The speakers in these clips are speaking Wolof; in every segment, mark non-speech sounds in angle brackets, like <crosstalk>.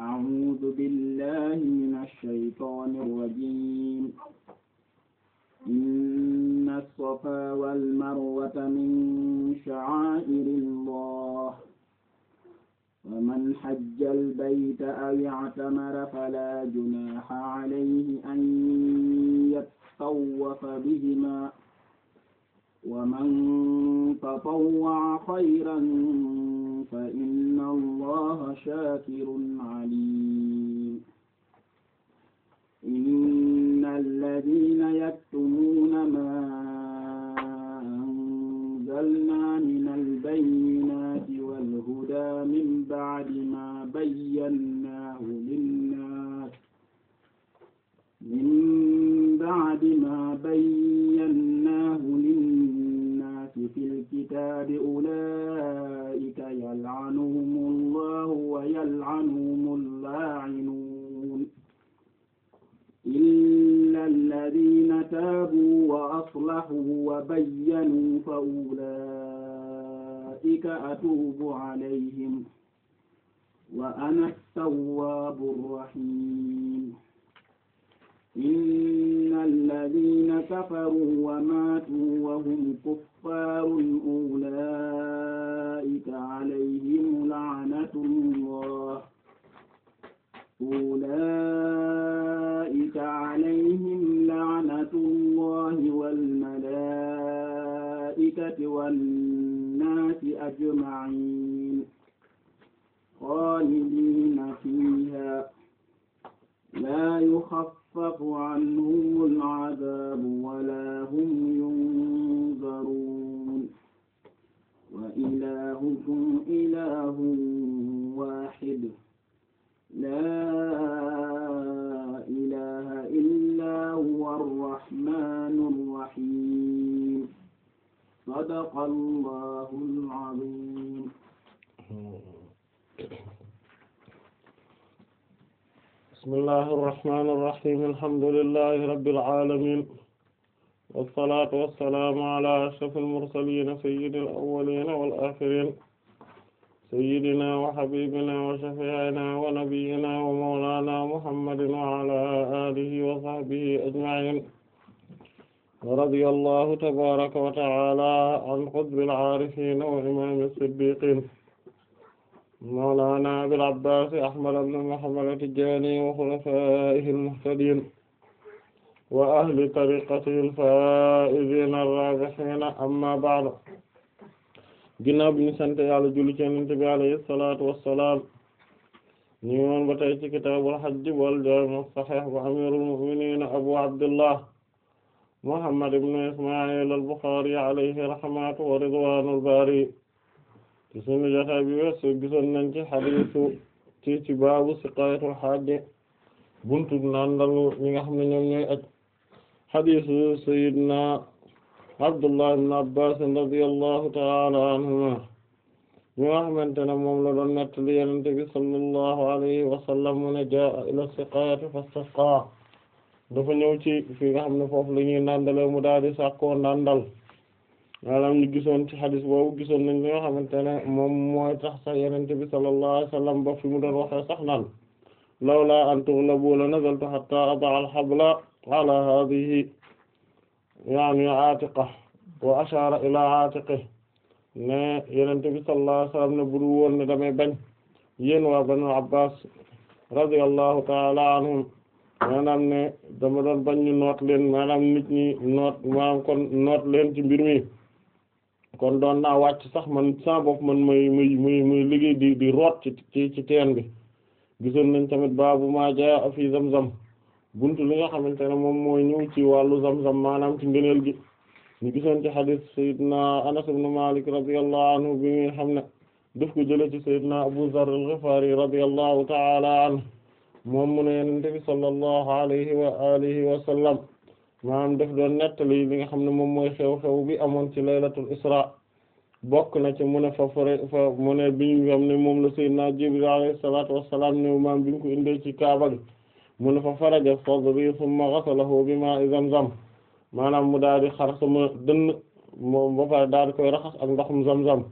أعوذ بالله من الشيطان الرجيم إن الصفا والمروة من شعائر الله فمن حج البيت أو اعتمر فلا جناح عليه أن يتطوف بهما ومن تطوع خيرا فإن الله شاكر عليم إن الذين يكتمون ما أنزلنا من البينات والهدى من بعد ما بيناه للناس من بعد ما بيناه للناس في الكتاب أولئك فيلعنهم الله ويلعنهم اللاعنون إلا الذين تابوا وأصلحوا وبينوا فأولئك أتوب عليهم وأنا التواب الرحيم إن الذين كفروا وماتوا وهم كفار أولئك عليهم لعنة الله أولئك عليهم لعنة الله والملائكة والناس أجمعين خالدين فيها لا يخفف يخفف عنهم العذاب ولا هم ينظرون وإلهكم إله alhamdulillahi rabbil alamin wassalatu wassalamu ala ashrafil mursalin sayyidil awwalin wal akhirin sayyidina wa habibina wa shafi'ina wa nabiyyina wa mawlana muhammadin wa ala alihi wa sahbihi ajma'in wa radiyallahu tabaraka wa ta'ala an qutbil arifin wa imamil siddiqin mawlana abil abbas ahmad ibn muhammad at-tijani wa khulafaihi al-muhtadin wa ahli tariqatihi al-faizina ar-rabihina amma ba'du ginnaaw bi ñu sant yàlla julli ci Yonent bi alayhi salatu wassalam ñu ngi woon ba tey ci kitaabul hajj wal jaami' as-sahih wa amirul mu'minin abu abdullah muhammad ibn isma'il al-bukhari alayhi rahmatu wa ridwanul bari te sunu jotaay bi weesu gisoon nañ ci hadiisu ci ci baabu siqaayatul haaj buntu nandalu ñi nga xam ne ñoom ñooy aj hadiisu sayyidina Abdullah ibn Abbas radiyallahu ta'ala anhuma nga xamante ne moom la doon nettali Yonent bi sallallahu alayhi wa sallam mu nga xam ne foofu la ñuy mu daal di sàkkoo nandal maanaam ñu gisoon ci xadis boobu gisoon nañ li nga xamante ne moom mooy tax sax yenente bi sallallahu alayhi ba fi mu doon waxee sax naan lawla an tughlabu la nazaltu hatta adaa al-habla ala hadhihi yaani aatiqa wa ashara ne yenente ne damay bañ yéen waa banu abbas radiyallahu ta'ala anhum maanaam ne dama bañ ñu noot leen nit ñi noot maanaam kon noot leen ci mbir mi kon doon naa wàcc sax man sama man muy muy muy muy liggéey di di root ci ci ci teen bi gisoon nañ tamit baabu maa jaa fi zam-zam buntu li nga xamante ne moom mooy ñëw ci wàllu zam-zam maanaam ci ngëneel gi ñu gisoon ci xadis sayyidina Anas ibn Malik radiyallahu bi nga xam ne def ko jële ci sayyidina Abu Zarr al-Ghifari radiyallahu ta'ala anhu moom mu ne Yonent bi sallallahu alayhi wa alihi wa sallam maanaam def doon nettali li nga xam ne moom mooy xew-xew bi amoon ci laylatul isra bokk na ci mu ne fa fa mu ne bi nga xam ne moom la sayyidina Jibril alayhi salaatu wassalaam ne maam bi ñu ci kaaba gi mu ne fa faraja sadri thumma ghasalahu maanaam mu daal di xar sama dënn moom ba pare daal koy raxas ak ndoxum zamzam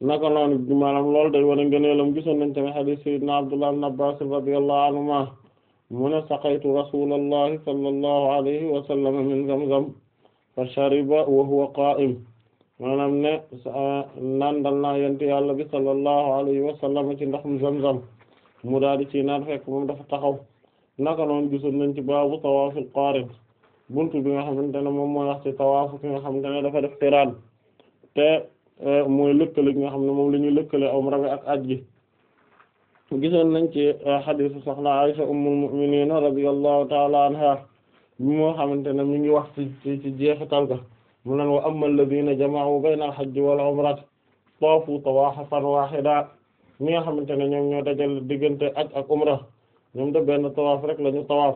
naka noonu maanaam loolu day wane ngëneelam gisoon nañ tamit hadith sayyidina Abdullah ibn Abbas radiyallahu anhuma mu ne saqaytu rasulallahi sallallahu alayhi wa sallam min zamzam fa shariba wa huwa qaa'im maanaam ne nandal na yonent yàlla bi sallallahu alayhi wa sallam ci ndoxum zamzam mu daal di ci naan fekk moom dafa taxaw naka noonu gisoon nañ ci baabu tawaaful qaarin buntu bi nga xamante ne moom mooy ci tawaafu ki nga xam ne dafa def tiraan te eh, mooy lëkkale gi nga xam ne moom la ñuy lëkkale umra bi ak aj gi gisoon nañ ci euh, xadiisu soxna Aysa ummul mu'miniin radiyallahu ta'ala anha bi moo xamante ne mi ngi wax ci ci ci jeexital ga mu nan wa amma alladhiina jama'u bayna al-hajji wal umrati taafu tawaafan waahida mi nga xamante ne ñoom ñoo dajal diggante aj ak umra ñoom de benn tawaaf rek la ñu na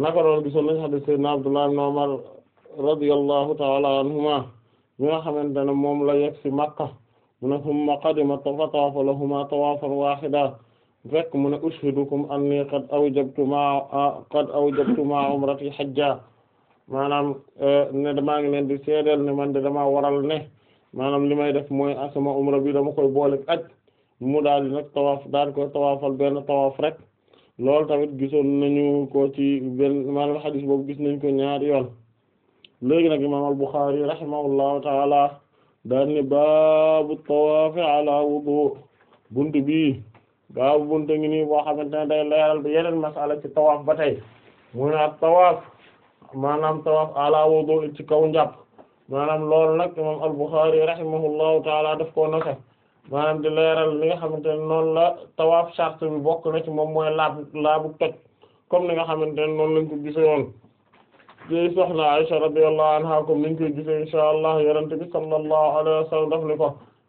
naka gisoon nañ xadiis sayyidina Abdullah ibn Umar radiyallahu ta'ala anhuma mi xamante ne moom la yegg ci Makka mu ne summa qadima fa tawaafa lahumaa tawaafan waahidan fekk mu ne ushhidukum anni qad awjabtu maa qad awjabtu maa umrati hajja maanaam e, ne damaa ngi leen di seedeel ne man de damaa waral ne maanaam li may def mooy asama ah, umra bi dama koy boole ak mu daal di nag tawaaf daal koy tawaafal benn tawaaf rek loolu tamit gisoon nañu ko ci benn maanaam xadiis boobu gis nañ ko ñaari yoon léegi nag imaam al-Bukhârî rahimahullahu taala daanne baabu tawaafi ala wudu buntu bi baabu buntu ngi nii boo xamante ne day leeral bi yeneen masala ci tawaaf ba tey mu ne ak tawaaf maanaam tawaaf ala wudu ci kaw njàpp maanaam loolu nag imam al-Bukhari rahimahullahu taala daf koo nose maanaam di leeral li nga xamante ne noonu la tawaaf charte bi bokk na ci moom mooy laab laabu toj comme ni nga xamante ne noonu lañ ko gisoon di soxna a radiyallahu anha comme niñ koy gisee insha allah yonent bi sallallahu alayhi wa sallam daf ko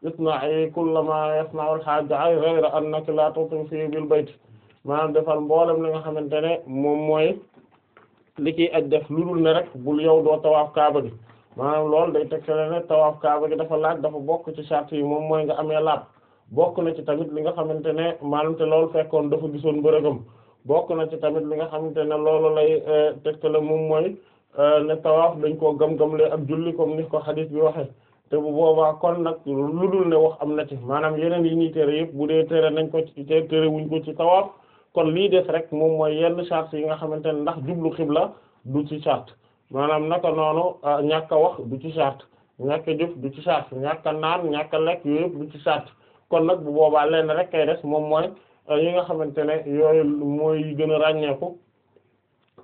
isna'i kulla ma yasna'u al-hajj ghayra annaki la tutifi bil bayt maanaam defal mboolem li nga xamante ne moom mooy li kiy aj def lu dul ne rek bul yow doo tawaaf kaaba gi maanaam loolu day tegtale ne tawaaf kaaba gi dafa laaj dafa bokk ci charte yi moom mooy nga amee laab bokk na ci tamit li nga xamante ne maanaam te loolu fekkoon dafa gisoon bërëgam bokk na ci tamit li nga xamante ne loolu lay euh, tegtale moom mooy euh, ne tawaaf dañ koo gam-gamle ak julli comme ni ko xadis bi waxe te bu boobaa kon nag lu dul ne wax am na ci maanaam yeneen yi ñuy tere yëpp bu dee tere nañ ko ci tere wuñ ko ci tawaaf kon lii des rek moom mooy yenn charte yi nga xamante ne ndax jublu xibla du ci charte maanaam naka noonu euh, ñàkk a wax du ci charte ñàkk a du ci charte ñàkk a naan ñàkk a lekk yooyu du ci charte kon nag bu boobaa lenn rek kay moom mooy yi nga xamante ne yooyu mooy gën a ràññeeku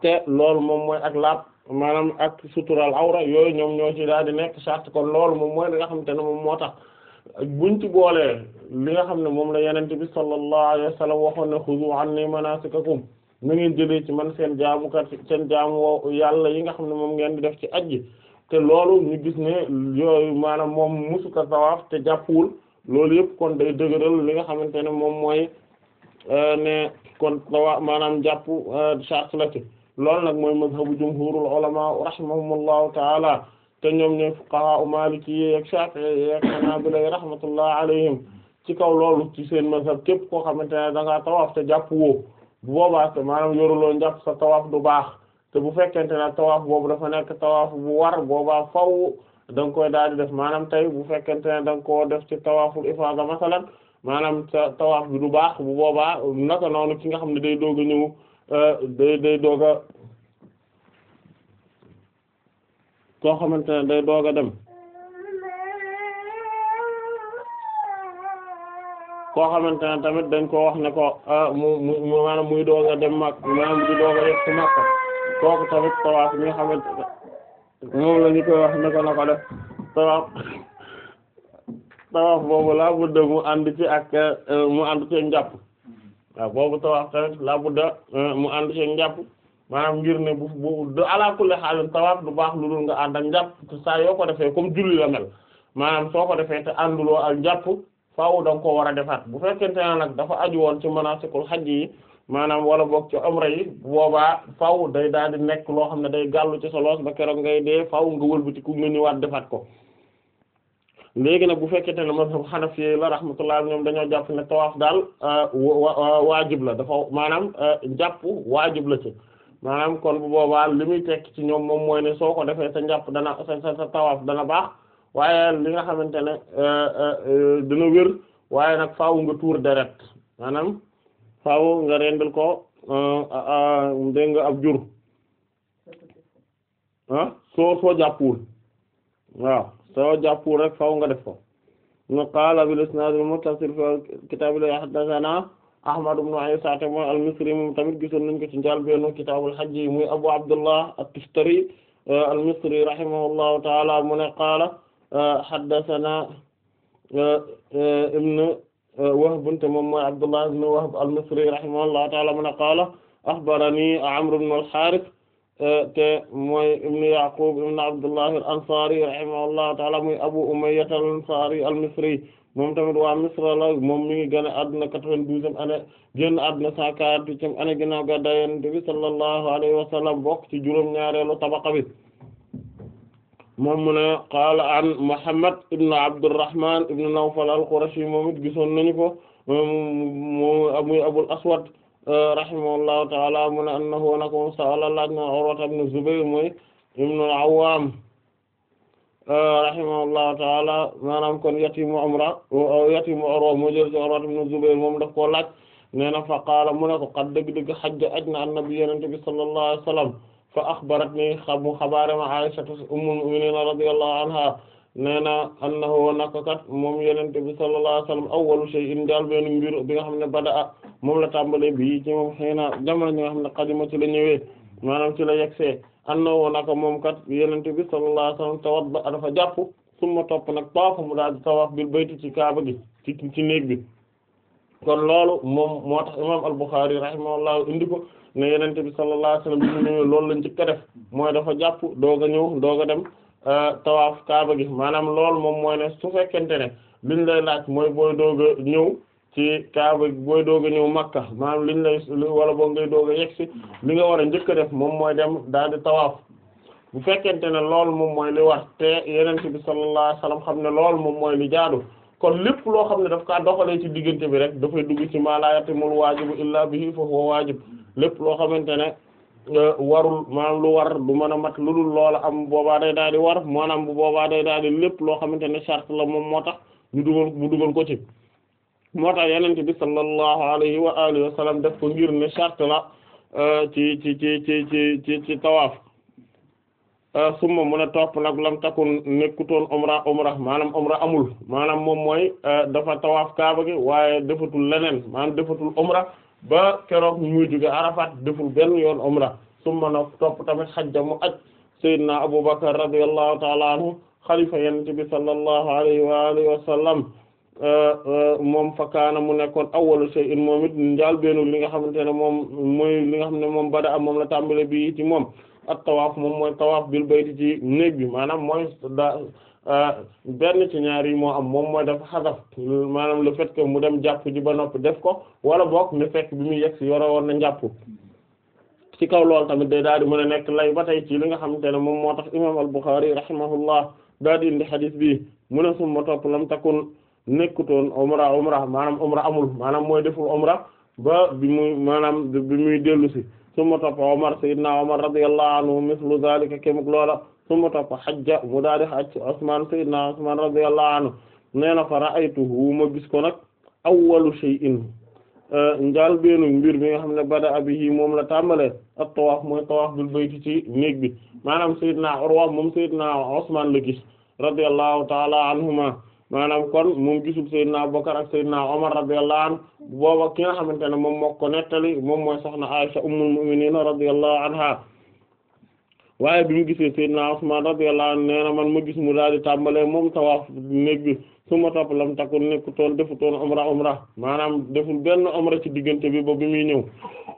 te loolu moom mooy ak laab maanaam ak sutural awra yooyu ñoom ñoo ci daal di nekk charte kon loolu moom mooy li nga xamante ne moom moo tax buñ ci boolee li nga xam ne moom la yenente bi sallallahu alayhi wa sallam waxoon ne xuzu anni manasikakum na ngeen jëlee ci man seen jaamukat seen jaamu yàlla yi nga xam ne moom ngeen di def ci aj ji te loolu ñu gis ne yooyu maanaam moom musuka tawaaf te jàppul loolu yëpp kon day dëgëral li nga xamante ne moom mooy Euh, ne kon tawa maanaam jàpp charte euh, la ci loolu nag mooy mazhabu jumhurul ulama rahimahumullahu taala te ñoom ñooy fuqaha maliki ak shafi'i ak hanabila rahmatullah alayhim ci kaw loolu ci seen mazhab képp koo xamante ne da ngaa tawaaf te jàpp wo bu boobaa te maanaam yoruloo jàpp sa tawaaf du baax te bu fekkente ne tawaaf boobu dafa nekk tawaaf bu war boobaa faw da koy daal di def maanaam tey bu fekkente ne da nga koo def ci tawaaful ifaada masalan maanaam sa tawaaf bi du baax bu boobaa naka noonu ki nga xam ne day doog a ñëw euh, day day doog koo xamante ne day doog a dem koo xamante ne tamit dañ ko wax ne ko ah, mu mu maanaam muy doog a dem mag maanaam di doog a yegg ci Makka kooku tamit tawaaf bi nga xamante ne moom la ñu na ko def tawaaf tawaaf boobu laa budda mu ànd ci ak euh, mu ànd ci njàpp waaw boobu tawaaf tamit laa budda euh, mu ànd ci njàpp maanaam ngir ne bu bu ala kulli xaalin tawaaf du baax lu dul nga ànd ak njàpp te saa yoo ko defee comme julli la mel maanaam soo ko defee te ànduloo ak njàpp faaw da nga ko war a defaat bu fekkente ne nag dafa aju woon ci manaasikul xaj yi maanaam wala boog ci umra yi boobaa faaw day daal di nekk loo xam ne day gàllu ci sa loos ba keroog ngay dee faaw nga wëlbatiku nga ñëwaat defaat ko léegi nag bu fekkente ne mazhab Hanafi la rahmatullah ñoom dañoo jàpp ne tawaaf daal euh, waajib la dafa maanaam euh, jàpp waajib la ci maanaam kon bu boobaa li muy tekk ci ñoom moom mooy ne soo ko defee sa jàpp dana sa sa tawaaf dana baax waaye li nga xamante ne euh, dana wér waaye nag faaw nga tuur deret maanaam faaw nga rendil ko dégg nga ab jur ah soo soo jàppul waaw soo jàppul rek faw nga def ko mu qaala bil isnaad al muttasil fi kitaabul haddathana Ahmad ibn Isa mooy al-Misri moom tamit gisoon nañ ko ci njàlbéenu kitaabul hajj muy Abu Abdullah at-Tustari euh, al-Misri rahimahullahu ta'ala mu ne qaala euh, haddathana euh, ibn Wahb moom mooy Abdullah ibn Wahb al-Misri rahimahullahu ta'ala mu ne qaala akhbarani Amr ibn al-Harith te mooy ibnu Yaqub ibnu Abdullahi al-Ansari rahimahullahu ta'ala muy Abu Umayya al-Ansari al-Misri moom tamit waa Misra la moom mi ngi gën a adduna quatre-vingt-douzième année génn adduna cent quarante-huitième année ginnaaw gàddaay Yonent bi sallallahu alayhi wa sallam bokk ci juróom-ñaareelu tabaqa bi moom mu ne qaala an Muhammad ibnu Abdurrahman ibnu Nawfal al-Qurashi moom it gisoon nañu ko moom muy Abul Aswad rahimahullahu taala mu ne annahu nako moom sala laaj na Urwata ibn Zubayr mooy ibn al-Awwam euh, rahimahullahu taala maanaam kon yatimu amra euh, yatimu Urwa moo jël ci Urwata ibn Zubayr moom daf koo laaj nee na fa qaala mu ne ko qad dëgg-dëgg xajja aj na annabi yenente bi sallallahu alayhi wa sallam fa axbarat ni xam mu xabaarema Aisha ummul mu'minin radiyallahu anha nee na annahu naka kat moom yenente bi sallallahu alayhi wasallam awwalu shay'in daal benn mbir bi nga xam ne bada a moom la tàmbale bi ci moom xëy na jamono ñi xam ne xadima ci la ñëwee maanaam ci la yegsee annahu naka moom kat yenente bi sallallahu alayhi wasallam tawat ba dafa jàpp suma topp nag tawaf mu daal di tawaf bil bayti ci kaaba gi ci ci néeg bi kon loolu moom moo tax imaam al-Bukhari rahimahullahu indi ko ne yenente bi sallallahu alayhi bi ñu ñëwee loolu lañ njëkk a def dafa jàpp doog a ñëw doog a dem tawaaf kaaba gi maanaam lool moom mooy ne su fekkente ne liñ lay laaj mooy booy doog ñëw ci kaaba booy doog a ñëw makka maanaam liñ lay wala boo ngay doog a yegsi li nga war a njëkk a def moom mooy dem daal di tawaaf bu fekkente ne loolu moom mooy li war te yenent bi sallallahu alayhi wasallam xam ne loolu moom mooy li jaadu kon lépp loo xam ne daf kaa doxalee ci diggante bi rek dafay dugg ci ma la yatimul waajibu illa bihi fa huwa waajib lépp loo xamante ne Euh, warul maanaam lu war du mën a mat lu dul loola am boobaa day daal war maanaam bu boobaa day daal lépp loo xamante ne charte la moom moo tax ñu dugal bu dugal ko ci moo tax yenente bi sallallahu alayhi wa alihi wa def ko ngir ne charte la euh, ci ci ci ci ci ci ci euh, topp nag lam takun nekkutoon umra umra maanaam umra amul maanaam moom mooy dafa tawaaf kaaba gi waaye defatul leneen maanaam defatul umra ba keroog muy jóge Arafat deful benn yoon umra summa topp tamit xajja mu aj sayyidina Abubakar radiyallahu ta'ala anhu xalifa yonent bi sallallahu alayhi wa alihi wa sallam euh, euh, moom mu nekkoon awwalu shay'in moom it njaal beenu li nga xamante ne moom mooy li nga xam ne moom bada am moom la tàmbale bi ci moom at tawaaf moom mooy tawaaf bil bayti ci néeg bi maanaam mooy da Euh, benn ci ñaar yi moo am moom mooy dafa xasaf maanaam le fet ko mu dem jàpp ji ba noppi def ko wala boog ne fekk bi muy yegg si yore woon na njàpp ci kaw loolu tamit day daal di mën a nekk lay ba tey ci li nga xamante ne moom moo tax imam al-Bukhari rahimahullah daal di indi xadis bi mu ne summa topp lam takun nekkutoon umra umra maanaam umra amul maanaam mooy deful umra ba bi muy maanaam bi muy dellu si summa topp Omar sayyidna Omar radiyallahu anhu mislu zalika kémuk summa topp xajja mu daal di xaj Usmaan sayyidina Usmaan radiyallahu anhu nee na ma gis ko nag awwalu shay'in euh, njaal beenu mbir mi nga xam ne bada moom la tàmbalee ak tawaaf mooy tawaaf bil bayti ci néeg bi maanaam sayyidina Urwa moom sayyidina Usmaan la gis radiyallahu ta'ala ki moom moo ko nettali moom mooy soxna Aisha ummul mu'minin waaye bi mu gisee Seydina Usmaan radiyallahu anhu nee na man ma gis mu daal di tàmbalee moom tawaaf néeg bi su ma topp lam takkoon nekkutoon defutoon umra umra maanaam deful benn umra ci diggante bi ba bi muy ñëw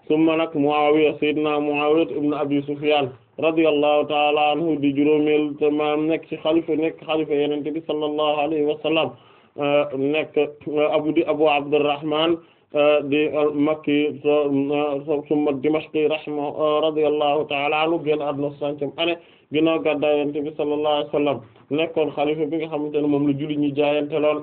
su ma nag Muawiya Seydina Muawiya ibn Abi Sufyaan radiyallahu ta'ala anhu di juróomeel te maam nekk ci xalifa nekk xalifa Yonent bi sallallahu alayhi wa sallam nekk abu di Abu Abdurrahman di al-Makki ah, ah, summa Dimashqi rahma ah, radiyallahu ta'ala anhu génn àdduna soixantième année ginnaaw gàddaay Yonent bi sallallahu alayhi wa nekkoon xalifa bi nga xamante ne moom la julli ñi jaayante lool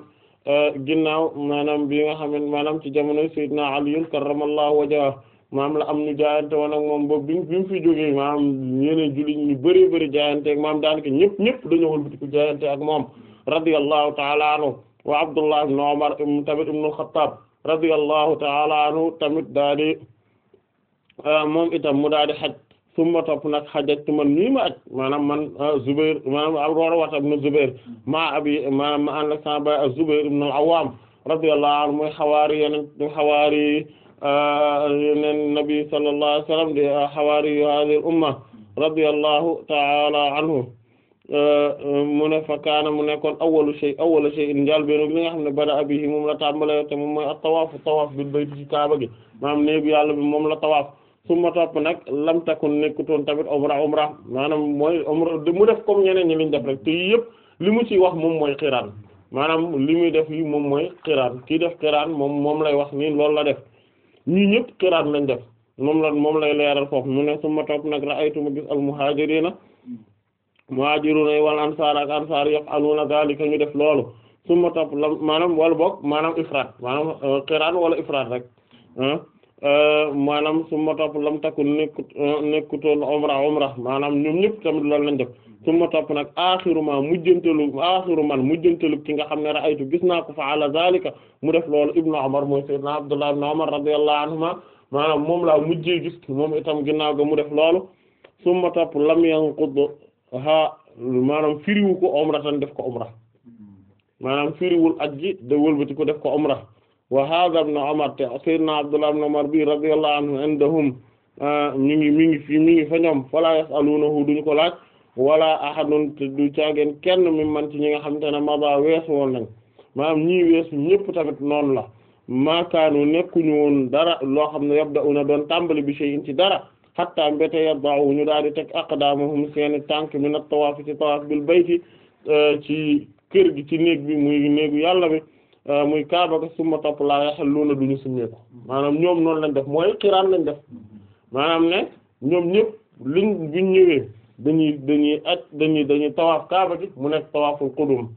ginnaaw maanaam bi nga xam ne maanaam ci jamono Seydina Ali karramallahu wajhahu maam la am ñu jaayante woon ak moom boobu bi mu fi jógee maam ñeneen julli ñu bari bari jaayante ak maam daanaka ñëpp ñëpp dañoo wëlbati ko jaayante ak moom radiyallahu ta'ala anhu wa Abdullah ibn Umar tamit ibn radiyallahu taala anhu tamit ah, moom itam mu daa di xaj summa topp nag xajat man nii ma aj maanaam man ah, Zubair maanaam a Urwata ibn Zubair maa abi ma ànd sama baay az-Zubair ibn al-Awwam radiyallahu anhu mooy xawaari yeneen ah, nabi sallallahu wasallam di xawaari hadhihi al-umma radiyallahu taala anhu mu ne fa kaana mu nekkoon awwalu shay awwalu shay in njaal benn li nga xam ne bada abihi moom la tàmbalee te moom mooy at-tawaafu tawaaf bil bayt ci gi maanaam néegu yàlla moom la tawaaf suma topp nag lam takun nekkutoon tamit umra maanaam mooy umra mu def comme ñeneen ñi liñ def rek te yëpp li mu ci wax moom mooy xiraan maanaam li muy def yi moom mooy xiraan kii def xiraan moom moom lay wax ni lool la def ñii ñëpp xiraan lañ def moom la moom lay leeral foofu mu ne suma topp nag la aytuma gis al muhaajirina muhajiruna wal ansar ak ansar yaf'aluna zalika ñu def loolu summa topp la maanaam wala boog maanaam ifraat maanaam euh, qiraan wala ifraat rek euh, maanaam summa topp lam takun nekku euh, nekkutoon umra umra maanaam ñoom ñëpp tamit loolu lañ def summa topp nag axiru ma mujjantalu axiru man mujjantalu ki nga xam ne ra'aytu gis naa ko fa'ala zalika mu def loolu ibnu Umar mooy sayyidna Abdullah ibnu Umar radiyallahu anhuma maanaam moom laa mujjee gis moom itam ginnaaw ga mu def loolu summa topp lam yanqud ha maanaam ko umra tan def ko umra maanaam firiwul ak ji da wëlbati ko def ko umra wa hadha ibn te sayyidina Abdullah bi radiyallahu anhu indahum ah, mi ngi mi ngi fi mi ngi fa ñoom wala ahadun te du caageen kenn mi man ci ñi nga xam te ne maba weesu woon nañ maanaam ñii weesu ñëpp tamit noon la maakaanu nekkuñu woon dara loo xam ne yabda'una doon tàmbali bi shay'in ci dara hatta mbete yaddahu ñu daal di teg aqdamahum seeni tànk min at-tawaaf ci tawaaf bil bayti euh, ci kër gi ci néeg bi muy néegu yàlla bi euh, muy kaaba ga summa topp laa yaxalluuna duñu summeeku maanaam ñoom noonu lañ def mooy xiraan lañ def maanaam ne ñoom ñëpp liñ buñ ñëwee dañuy dañuy aj dañuy dañuy tawaaf kaaba gi mu nekk tawaaful qudum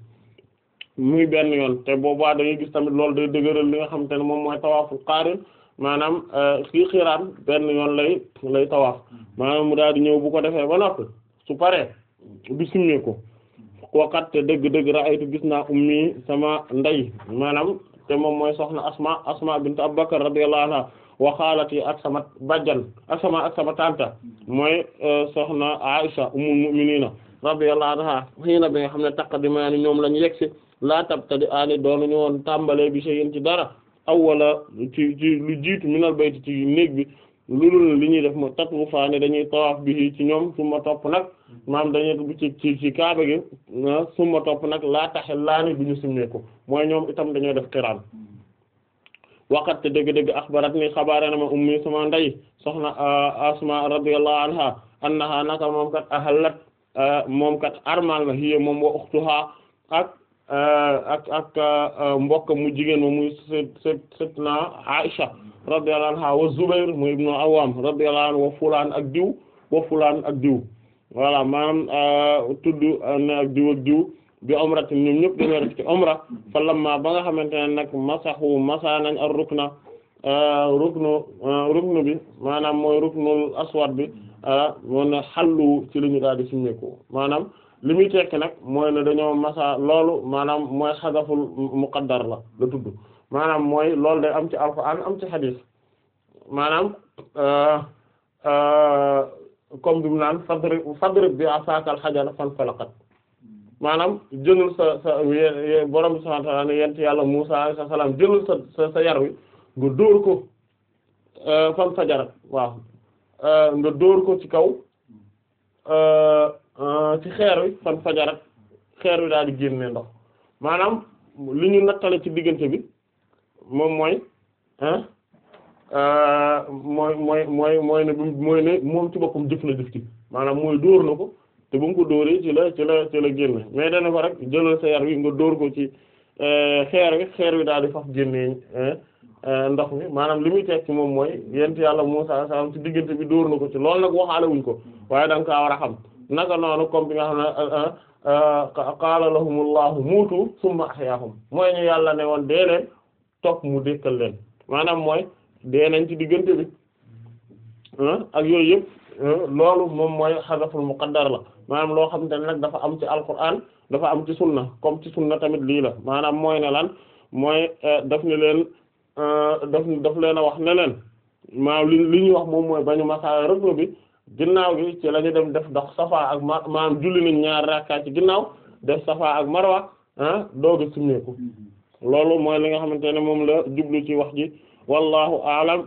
muy benn yoon te boobaa dañuy gis tamit loolu day dëgëral li nga xam te ne moom mooy tawaaful qaarin maanaam euh, fii xiraan benn yoon lay lay tawaaf mm-hmm. maanaam mu daal di ñëw bu ko defee ba noppi su paree bisimmi ko waqat mm-hmm. te dëgg dëgg ra'aytu gis naa ummi sama ndey maanaam te moom mooy soxna asma asma bint Abubakar radiyallahu anha wa xaalati ak sama bajjan ak sama ak sama tanta mm-hmm. mooy euh, soxna Aisha ummul mu'minina radiyallahu anha xiina bi nga xam ne taqaddimaani ñoom lañ yegsi laa tabtadi aani doonu ñu woon tàmbalee bi shay'in ci dara awala ci ci lu jiitu minal bayti ci néeg bi loolu li ñuy def mooy tatu faane dañuy tawaaf bi ci ñoom suma topp nag maam dañuy ci ci ci kaaba gi ah, suma topp nag laa taxel laani bi ñu simmeeku mooy ñoom itam dañoo def xiraan waqat te dëgg-dëgg axbarat ni xabaare na ma ummi sama nday soxna ah, asma radiyallahu anha annaha naka moom kat ahallat ah, moom kat armal na hiya moom wa uxtuha ak Euh, ak ak euh, mbokkam mu jigéen ma muy sët sët Aisha radiyallahu anha wa Zubair mu ibnu Awwam radiyallahu anhu wa fulaan ak diw wa fulaan ak diw voilà maanaam euh, tudd na ak diw ak diw bi omra te ñoom ñëpp dañoo def ci omra fa lamma ba nga xamante ne nag masahu masa nañ ar rukna ruknu ruknu bi maanaam mooy ruknul aswad bi mu xallu ci la ñu daal di maanaam li muy tekki nag mooy ne dañoo masa loolu maanaam mooy xadaful muqaddar la la tudd maanaam mooy loolu day am ci alxuraan am ci xadiis maanaam euh, euh, comme bi naan fadrib fadrib bi asaakal xajara fan falaqat maanaam jëlul sa sa borom bi yent yàlla Muusaa alayhi salaam jëlul sa sa yar wi nga dóor ko euh, fan fajarat waaw nga dóor ko ci kaw Euh, ci xeer wi fan fajarat xeer wi daal di génne ndox maanaam li ñu nattale ci diggante bi moom mooy euh, mooy mooy mooy mooy ne mooy moom ci boppam jëf na jëf ci maanaam mooy dóor na ko te bu mu ko dóoree ci la ci la ci la génne mais dana ko rek jëlal sa yar wi nga dóor ko ci euh, xeer wi xeer wi daal di faf génnee ndox mi maanaam li muy tekki moom mooy yent yàlla Muusaa salaam ci diggante bi dóor na ko ci loolu nag waxaale wuñ ko waaye da nga war a xam naga noonu comme bi nga xam ne euh, euh, euh, muutu summa ahyaahum mooy ñu yàlla ne woon dee leen topp mu dékkal leen maanaam mooy dee nañ ci diggante bi ak yooyu yëpp loolu moom mooy xadaful muqaddar la maanaam loo xam ne rek dafa am ci alquran dafa am ci sunna comme ci sunna tamit lii la maanaam mooy ne lan mooy daf ne leen daf daf leen a wax ne leen maanaam li li ñuy wax moom mooy bañu masaa rëbb bi ginnaaw gi ci la ñu dem def dox safa ak ma maam julli nañ ñaar rakka ci ginnaaw def safa ak marwa ah dooga simmeeku mm-hmm. loolu mooy li nga xamante ne moom la jublu ci wax ji wallahu aalam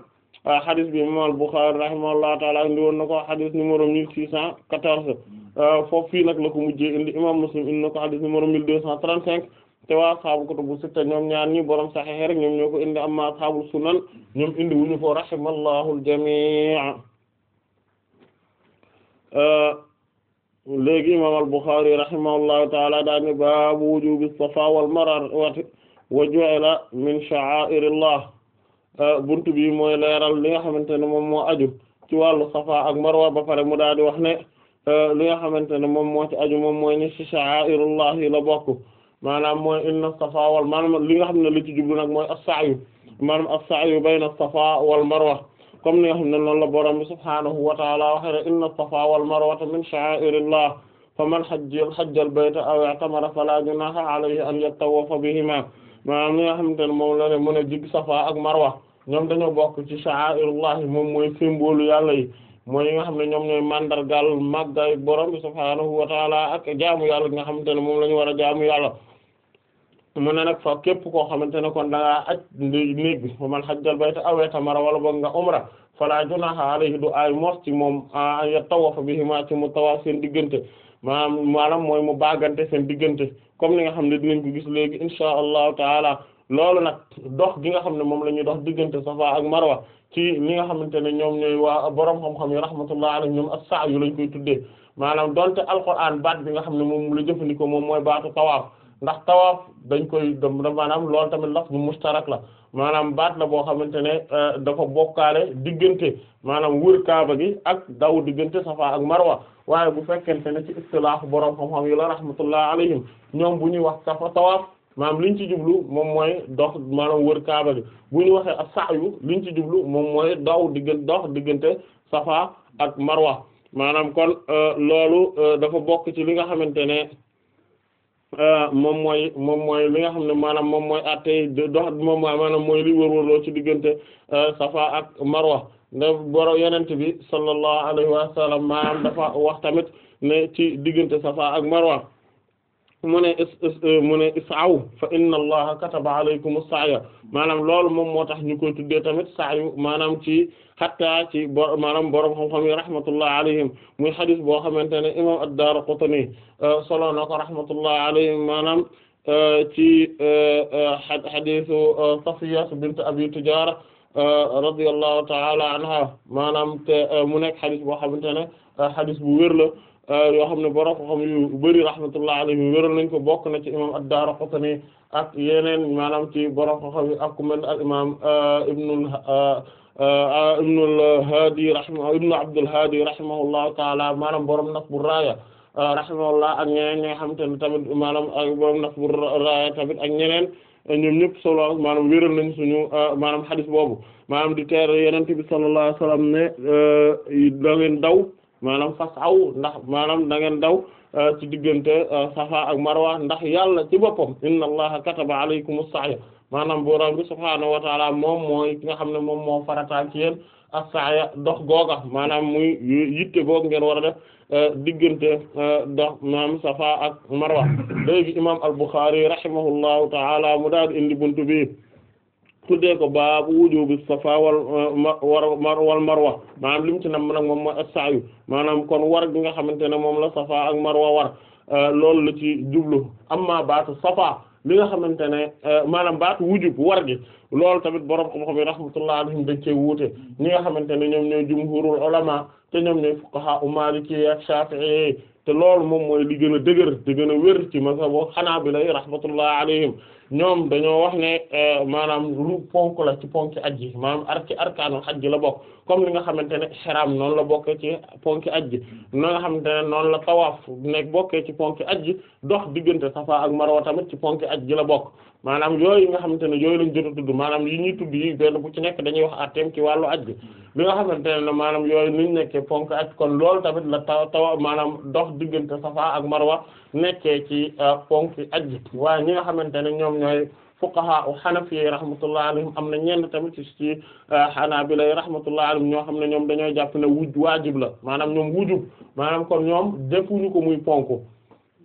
hadis ah, bi imam al-Bukhari rahimahullahu taala indi woon na ko hadis numéro mille six cent quatorze ah, foofu fii nag la ko mujjee indi imam Muslim indi na ko hadis numéro mille deux cent trente-cinq te waa ashabu kutubu sitta ñoom ñaar ñi borom sahih rek ñoom ñoo ko indi amma ashabul sunan ñoom indi wuñu ko rahimallahu al-jami' Euh, léegi imam al-Bukhari rahimahullahu taala daane baabu wujubi safa wa ju'ila min sha'airillah euh, buntu bi mooy leeral li nga xamante ne moom moo aju ci wàllu safa ak marwa ba pare mu daal di wax ne euh, li nga xamante ne moom moo ci aju moom mooy ni ci sha'airullah yi la bokk maanaam mooy inna safa li nga xam ne li ci jublu nag mooy as-sa'yu maanaam as-sa'yu bayna safa wal marwa comme ni nga xam ne noonu la borom bi subhaanahu wa ta'ala waxe ne inna safa wal marwata min sha'a'irillahi faman hajjal hajjal bayta aw i'tamara fala junaha alayhi an yattawafa bihima maanaam li nga xamante ne moom la ne mën a jig safa ak marwa ñoom dañoo bokku ci sha'a'irillahi moom mooy symbole yàlla yi mooy yi nga xam ne ñoom ñooy mandargal màggaay borom bi subhaanahu wa ta'ala ak jaamu yàlla nga xamante ne moom la ñu war a jaamu yàlla mu ne nag fa képp koo xamante ne kon da ngaa aj néeg bi man hajjal bayta aw itamara wala boog nga umra fala junaha alayhi du ay mos ci moom a ya tawafa bihimaa ci mu tawaaf seen diggante maanaam maanaam mooy mu baagante seen diggante comme ni nga xam ne dinañ ko gis léegi insha allahu taala loolu nag dox gi nga xam ne moom la ñuy dox diggante safa ak marwa ci li nga xamante ne ñoom ñooy waa borom xam-xam yi rahmatullah alayhi ñoom as-sa'i lañ koy tuddee maanaam donte alquran baat bi nga xam ne moom la jëfandikoo moom mooy baatu tawaaf ndax tawaaf dañ koy dem maanaam loolu tamit ndax mu mustarak la maanaam baat la boo xamante ne euh, dafa bokkaale diggante maanaam wër kaaba gi ak daw diggante safa ak marwa waaye bu fekkente ne ci istilaahu borom xam-xam ñoom bu ñuy wax safa tawaaf maanaam liñ ci jublu moom mooy dox maanaam wër kaaba gi bu ñu waxee ak sa'yu liñ ci jublu moom mooy daw diggante dox diggante safa ak marwa maanaam kon euh, loolu euh, dafa bokk ci li nga xamante ne Euh, moom mooy moom mooy li nga xam ne maanaam moom mooy attey dox moom maanaam mooy li wërwërloo ci diggante euh, safa ak marwa nda boro yenente bi sallallahu alayhi wa sallam dafa wax tamit ne ci diggante safa ak marwa mu ne uh, mu ne isaaw fa inna allaha kataba alaykum as-sa'ya maanaam loolu moom moo tax ñu koy tuddee tamit sa'yu maanaam ci xattaa ci bo maanaam borom xam-xam yi rahmatullah alayhim muy xadis boo xamante ne imam ad-Daraqutni uh, solo na ko rahmatullah alayhim maanaam uh, ci xadisu Safiya bint Abi Tujara radiyallahu ta'ala anha maanaam te mu nekk xadis boo xamante ne xadis bu wér la Euh, yoo xam ne borom xam yu bëri rahmatullahi alayhi wéral nañ ko bokk na ci imam ad-Daraqutni ak yeneen maanaam ci borom xam ak ku mel al imam ibnul euh, ibnul Hadi euh, rahma ibnu Abdul Hadi rahimahullahu taala maanaam borom Nasbur Raaya rahimahullah ak ñeneen ñi nga tamit maanaam ak borom Nasbur Raaya tamit ak ñeneen ñoom ñëpp solo maanaam wéral nañ suñu maanaam xadis boobu maanaam di teer yenente bi sallallahu alayhi wasallam ne daw maanaam fas aw ndax maanaam dangeen daw euh, ci diggante euh, safa ak marwa ndax yàlla ci boppam inna allaha kataba alaykum as-sa'y maanaam borom bi subhaanahu moom mooy ki nga xam ne moom moo farataal ci yéen as dox googa maanaam muy yitte goog ngeen war a def euh, diggante dox maanaam safa ak marwa léegi imam al-Bukhari rahimahullahu taala mu daal indi buntu bi tuddee ko baabu wujubi safa wal war wal marwa maanaam li mu ci nam nag moom mooy as-sa'yu maanaam kon war gi nga xamante ne moom la safa ak marwa war euh, loolu la ci jublu amma baatu safa li nga xamante ne euh, maanaam baatu wujub war gi loolu tamit borom xam-xam yi rahmatullah alayhim dañ cee wuute ñi nga xamante ne ñoom ñooy jumhurul ulama te ñoom ñooy fuqaha u maliki ak shafi'i te loolu moom mooy li gën a dëgër di gën a wér ci mazhabu hanabila rahmatullah alayhim ñoom dañoo wax ne euh, maanaam lu ponk la ci ponki aj ji maanaam ar ci arkaanul xaj ji la bokk comme li nga xamante ne xeraam noonu la bokkee ci ponk aj ji na nga xamante ne noonu la tawaaf nekk bokkee ci ponki aj ji dox diggante safa ak marwa tamit ci ponki aj ji la bokk maanaam yooyu nga xamante ne yooyu lañ jot a tudd maanaam yi ñuy tudd yi benn bu ci nekk dañuy wax àtteem ci wàllu aj ji li nga xamante ne maanaam yooyu nuñ nekkee ponk ak kon loolu tamit la taw taw maanaam dox diggante safa ak marwa nekkee ci euh, ponk aj waaye ñi nga xamante ne ñoom ñooy fuqaha u xanafiye rahmatullahi alayhim am na ñenn tamit ci xanaabila euh, rahmatullahi alayhim ñoo xam ne ñoom dañoo jàpp ne wuj waajib la maanaam ñoom wujub maanaam kon ñoom defuñu ko muy ponku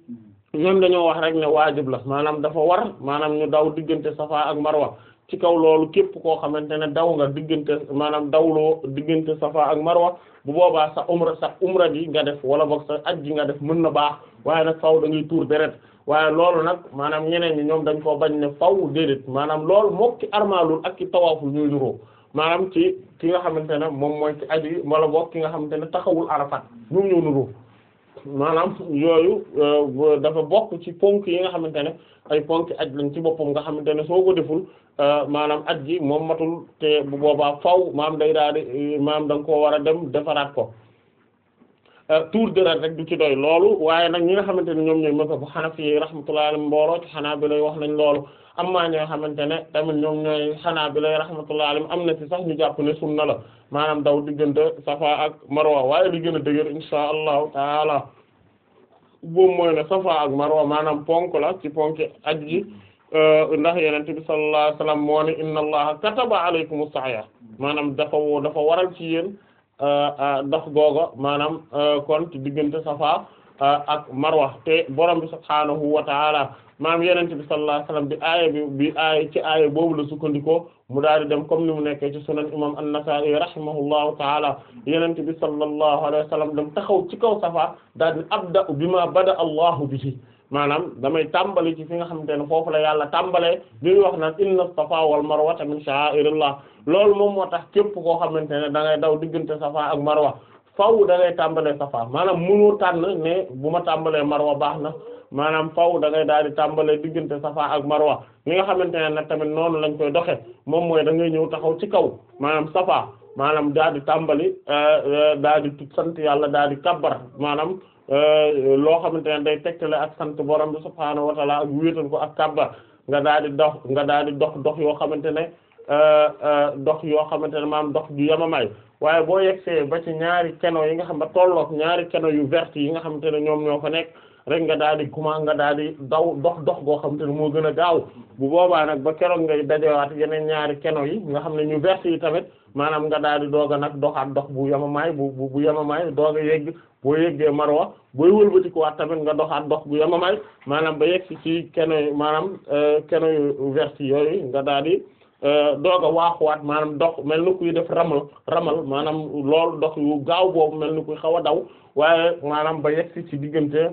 hmm. ñoom dañoo wax rek ne waajib la maanaam dafa war maanaam ñu daw diggante safa ak marwa ci kaw loolu képp koo xamante ne daw nga diggante maanaam dawloo diggante safa ak marwa bu boobaa sa umra sa umra ji nga def wala boog sa aj ji nga def mën na baax waaye nag faw da tuur deret waaye loolu nag maanaam ñeneen ñi ñoom dañ koo bañ ne faw déedéet maanaam loolu mook ci armaalul ak ci tawaaful ñuy nuroo maanaam ci ki nga xamante ne moom mooy ci aj yi boog ki nga xamante ne taxawul arafat ñoom ñoo maanaam yooyu euh, dafa bokk ci ponk yi nga xamante ne ay ponk aj lañ ci boppam nga xamante ne soo ko deful euh, maanaam aj gi moom matul te bu boobaa faw maam day daal maam danga nga koo war a dem defaraat ko euh, tour de ret rek du ci doy loolu waaye nag ñi nga xamante ne ñoom ñooy mazhabu Hanafi rahmatullahi alayhi mbooloo ci Hanaabila wax nañ loolu amma ñoo xamante ne tamit ñoom ñooy Hanaabila rahmatullahi alayhim am na ci sax ñu jàpp ne sunna la maanaam daw diggante Safa ak Marwa waaye li gën a dëgër insha allahu taala boobu mooy ne Safa ak Marwa maanaam ponk la ci ponki aj gi euh, ndax Yonent bi sallallahu alayhi wasallam inna allaha kataba alaykumus sa'ya maanaam dafa dafa waral ci yéen euh, euh, dox googa maanaam kon ci diggante Safa Euh, ak marwa te borom bi subhaanahu wa taala maam yenente bi sallallahu alayhi wasallam bi aaya bi bi ci aaya boobu la sukkandikoo mu daal di dem comme ni mu nekkee ci sunan imam an-Nasa'i rahimahullahu taala yenente bi sallallahu alayhi wasallam dem taxaw ci kaw safa daal di abda'u bima bada allahu bihi maanaam damay tàmbali ci fi nga xamante ne foofu la yàlla tàmbalee bi ñu wax naan inna safa wal marwata min sha'airillah loolu moom moo tax képp koo xamante ne da ngay daw diggante safa ak marwa faww da ngay tàmbalee safa maanaam mënoo tànn ne bu ma tàmbalee marwa baax na maanaam faww da ngay daal di tàmbalee diggante safa ak marwa li nga xamante ne nag tamit noonu lañ koy doxe moom mooy da ngay ñëw taxaw ci kaw maanaam safa maanaam daal di tàmbali euh, euh, daal di sant yàlla daal di kabbar maanaam euh, loo xamante ne day tegtale ak sant borom bi subhaanahu wa taala ak wéetal ko ak kabbar nga daal di dox nga daal di dox dox yoo xamante ne Euh, euh, dox yoo xamante ne maanaam dox ju yamamaay waaye boo yegsee ba ci ñaari keno yi nga xam ba tollook ñaari keno yu vert yi nga xamante ne ñoom ñoo fa nekk rek nga daal di kuma nga daal di daw dox dox goo xam xamante ne moo gën a gaaw bu boobaa nag ba keroog ngay dajewaat yeneen ñaari keno yi nga xam ne ñu vert yi tamit maanaam nga daal di doog a nag doxaat dox bu yamamaay bu bu bu yamamaay doog a yegg boo yeggee marwa booy wëlbatikuwaat tamit nga doxaat dox bu yamamaay maanaam ba yegg ci keno yi maanaam euh, keno yu vert nga daal Euh, doog a waaxuwaat maanaam dox mel ni kuy def ramal ramal maanaam loolu dox yu gaaw boobu mel ni kuy xaw a daw waaye maanaam ba yegsi ci diggante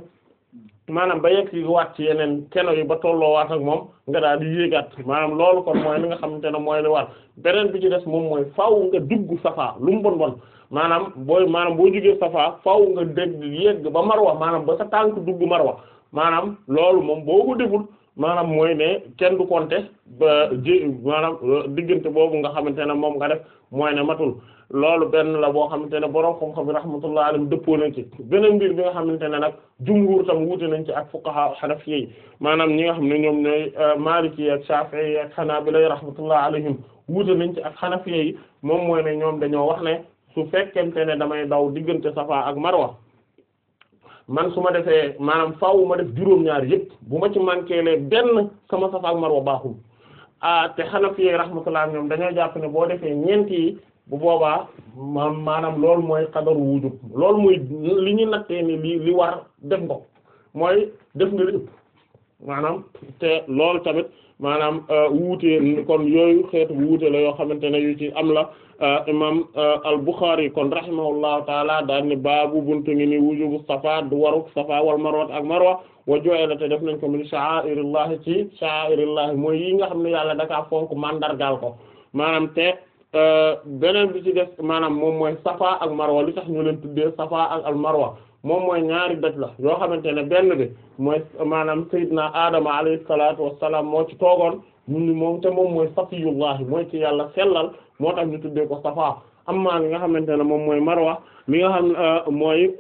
maanaam ba yegsi waat ci yeneen keno yi ba tolloo waat ak moom nga daal di yéegaat maanaam loolu kon mooy li nga xamante ne mooy li waat beneen bi ci des moom mooy faw nga dugg safaa lu mu bon bon maanaam booy maanaam boo jugee safaa faaw nga dégg yegg ba marwa maanaam ba sa tànk dugg marwa maanaam loolu moom boo ko maanaam mooy ne kenn du compter ba ji maanaam euh, diggante boobu nga xamante ne moom nga def mooy ne matul loolu benn la boo xamante ne borom xam-xam bi rahmatullah alayhi dëppoo nañ ci beneen mbir bi nga xamante ne nag jumhur tam wuute nañ ci ak fuqaha hanafi yi maanaam ñi nga xam ne ñoom ñooy euh, maliki ak shafi'i ak hanabila rahmatullah alayhim wuute nañ ci ak hanafi yi moom mooy ne ñoom dañoo wax ne su fekkente ne damay daw diggante safa ak marwa man su ma defee maanaam faaw ma def juróom-ñaar yëpp bu ma ci manqué lee benn sama Safa mar Marwa baaxul ah te Hanafi rahmatullah ñoom dañoo jàpp ne boo defee ñeent yi bu boobaa maam maanaam loolu mooy xadaru wujub loolu muy li ñu nattee ni li li war def nga mooy def nga li ëpp maanaam te loolu tamit maanaam euh, wuute kon yooyu xeetu wuute la yoo xamante ne yu ci am la euh, imam euh, al-Bukhari kon rahimahullahu taala daan ne baabu buntu ngi ni wujubu safa du waruk safa wal marwa ak marwa wa joyela def nañ ko min sha'airillahi ci sha'airillahi mooy yi nga xam ne yàlla dakaa fonk mandargal ko maanaam te beneen bi ci def maanaam moom mooy safa ak marwa li tax ñu leen tuddee safa ak al marwa moom mooy ñaari daj la yoo xamante ne benn bi mooy maanaam sayyidina Adama alayhi salaatu wassalaam moo ci toogoon ñu moom te moom mooy safiyullahi mooy ci yàlla sellal moo tax ñu tuddee ko safa amma li nga xamante ne moom mooy marwa li nga xam euh, mooy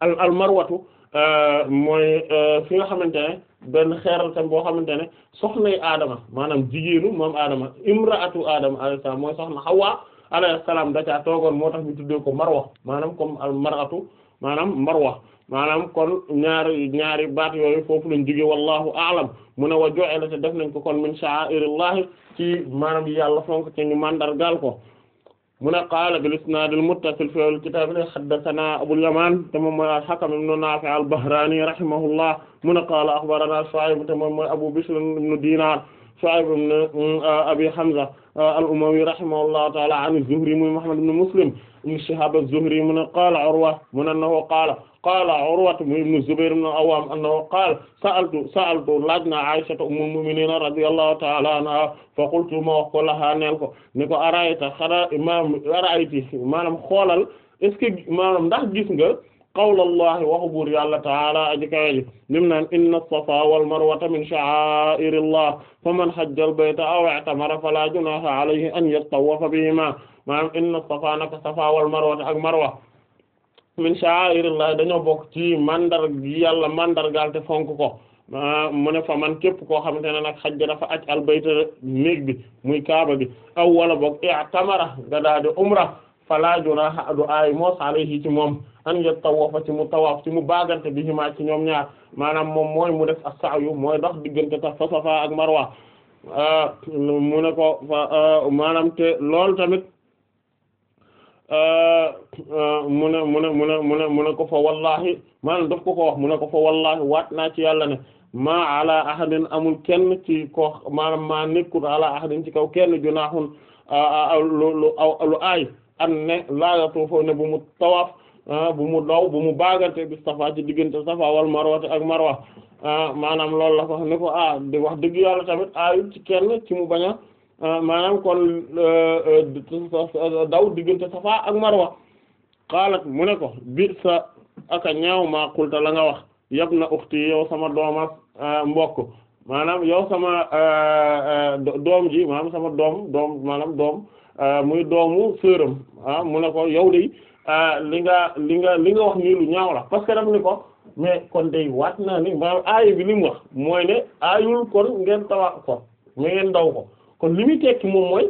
al al marwatu euh, mooy euh, fi nga xamante ne benn xeeral tam boo xamante ne soxnay Adama maanaam jigéenu moom Adama imraatu Adama alayhi salaam mooy soxna Hawa alayhi salaam da toogoon moo tax ñu tuddee ko marwa maanaam comme al maratu maanaam marwa maanaam kon ñaari ñaari baat yooyu foofu lañ jóge wallahu aalam mu ne wa joxe te def nañ ko kon min sha'airillahi ci maanaam yàlla fonk ci ñu mandargal ko mu ne qaala bil isnaad al muttasil fi al kitaab li haddathana abul yamaan te moom mooy al hakam ibn naafi' al bahraani rahimahullah mu ne qaala akhbarana shu'ayb te moom mooy abu bishr ibn diinaar shu'ayb ibn uh, abi hamza uh, al umawi rahimahullahu ta'ala an az-zuhri muy muhammad ibn muslim ibn Shihab az-Zuhri mu ne qaala Urwa mu ne annahu qaala qaala Urwa mu ibn Zubayr ibn al-Awwam annahu qaala sa'altu sa'altu laaj na Aisha ummul mu'minin radiyallahu ta'ala anha fa qultu ma wax ko lahaa neel ko ni ko arayta xanaa imaam arayti maanaam xoolal est-ce que maanaam ndax gis nga qawlallahi waxu buur yàlla taala aji kawe ji lim naan inna safa wal marwata min sha'a'iri llah faman hajja al bayta aw i'tamara fala junaha alayhi an yattawafa bihima maanaam inna safa naka safa wal marwata ak marwa min sha'airillah dañoo bokk ci mandar gi yàlla mandargaal te fonk ko mu ne fa man képp koo xamante ne nag xaj dafa aj albayta néeg bi muy kaaba bi aw wala boog i'tamara nga daa di umra fala junaha adu aay moos alayhi ci moom an yatawafa ci mu tawaaf ci mu baagante bi himaa ci ñoom ñaar maanaam moom mooy mu def as-sa'yu mooy dox diggante ta fa ak marwa ah, mu ne ko ah, maanaam te loolu tamit Euh, euh, mu ne mu ne mu ne mu ne mu ko fa wallahi maanaam daf ko ko wax mu ne ko fa wallahi waat naa ci yàlla ne maa ala ahadin amul kenn ci ko maanaam maa nekkul ala ahadin ci kaw kenn junaaxun lu lu lu aay an ne laagatu foofu ne bu mu tawaaf bu mu daw bu mu baagante bi safa ci diggante safa wal marwate ak marwa maanaam loolu la ko ne ko ah di wax dëgg yàlla tamit aayul ci kenn ci mu baña Euh, maanaam kon euh, euh, daw diggante Safa ak Marwa xaalat mu ne ko bi sa aka ñaaw maa xulta la nga wax yab na uxti yow sama dooma mbokk maanaam yow sama doom ji maanaam sama doom doom maanaam doom muy doomu sërëm ah, mu ne ko yow de li nga li nga li nga wax nii lu ñaaw la parce que daf ni ko mais kon day waat naa ni maanaam aaya bi li wax mooy ne aayul kon ngeen tawaat ko mais ngeen daw ko kon li muy tekki moom mooy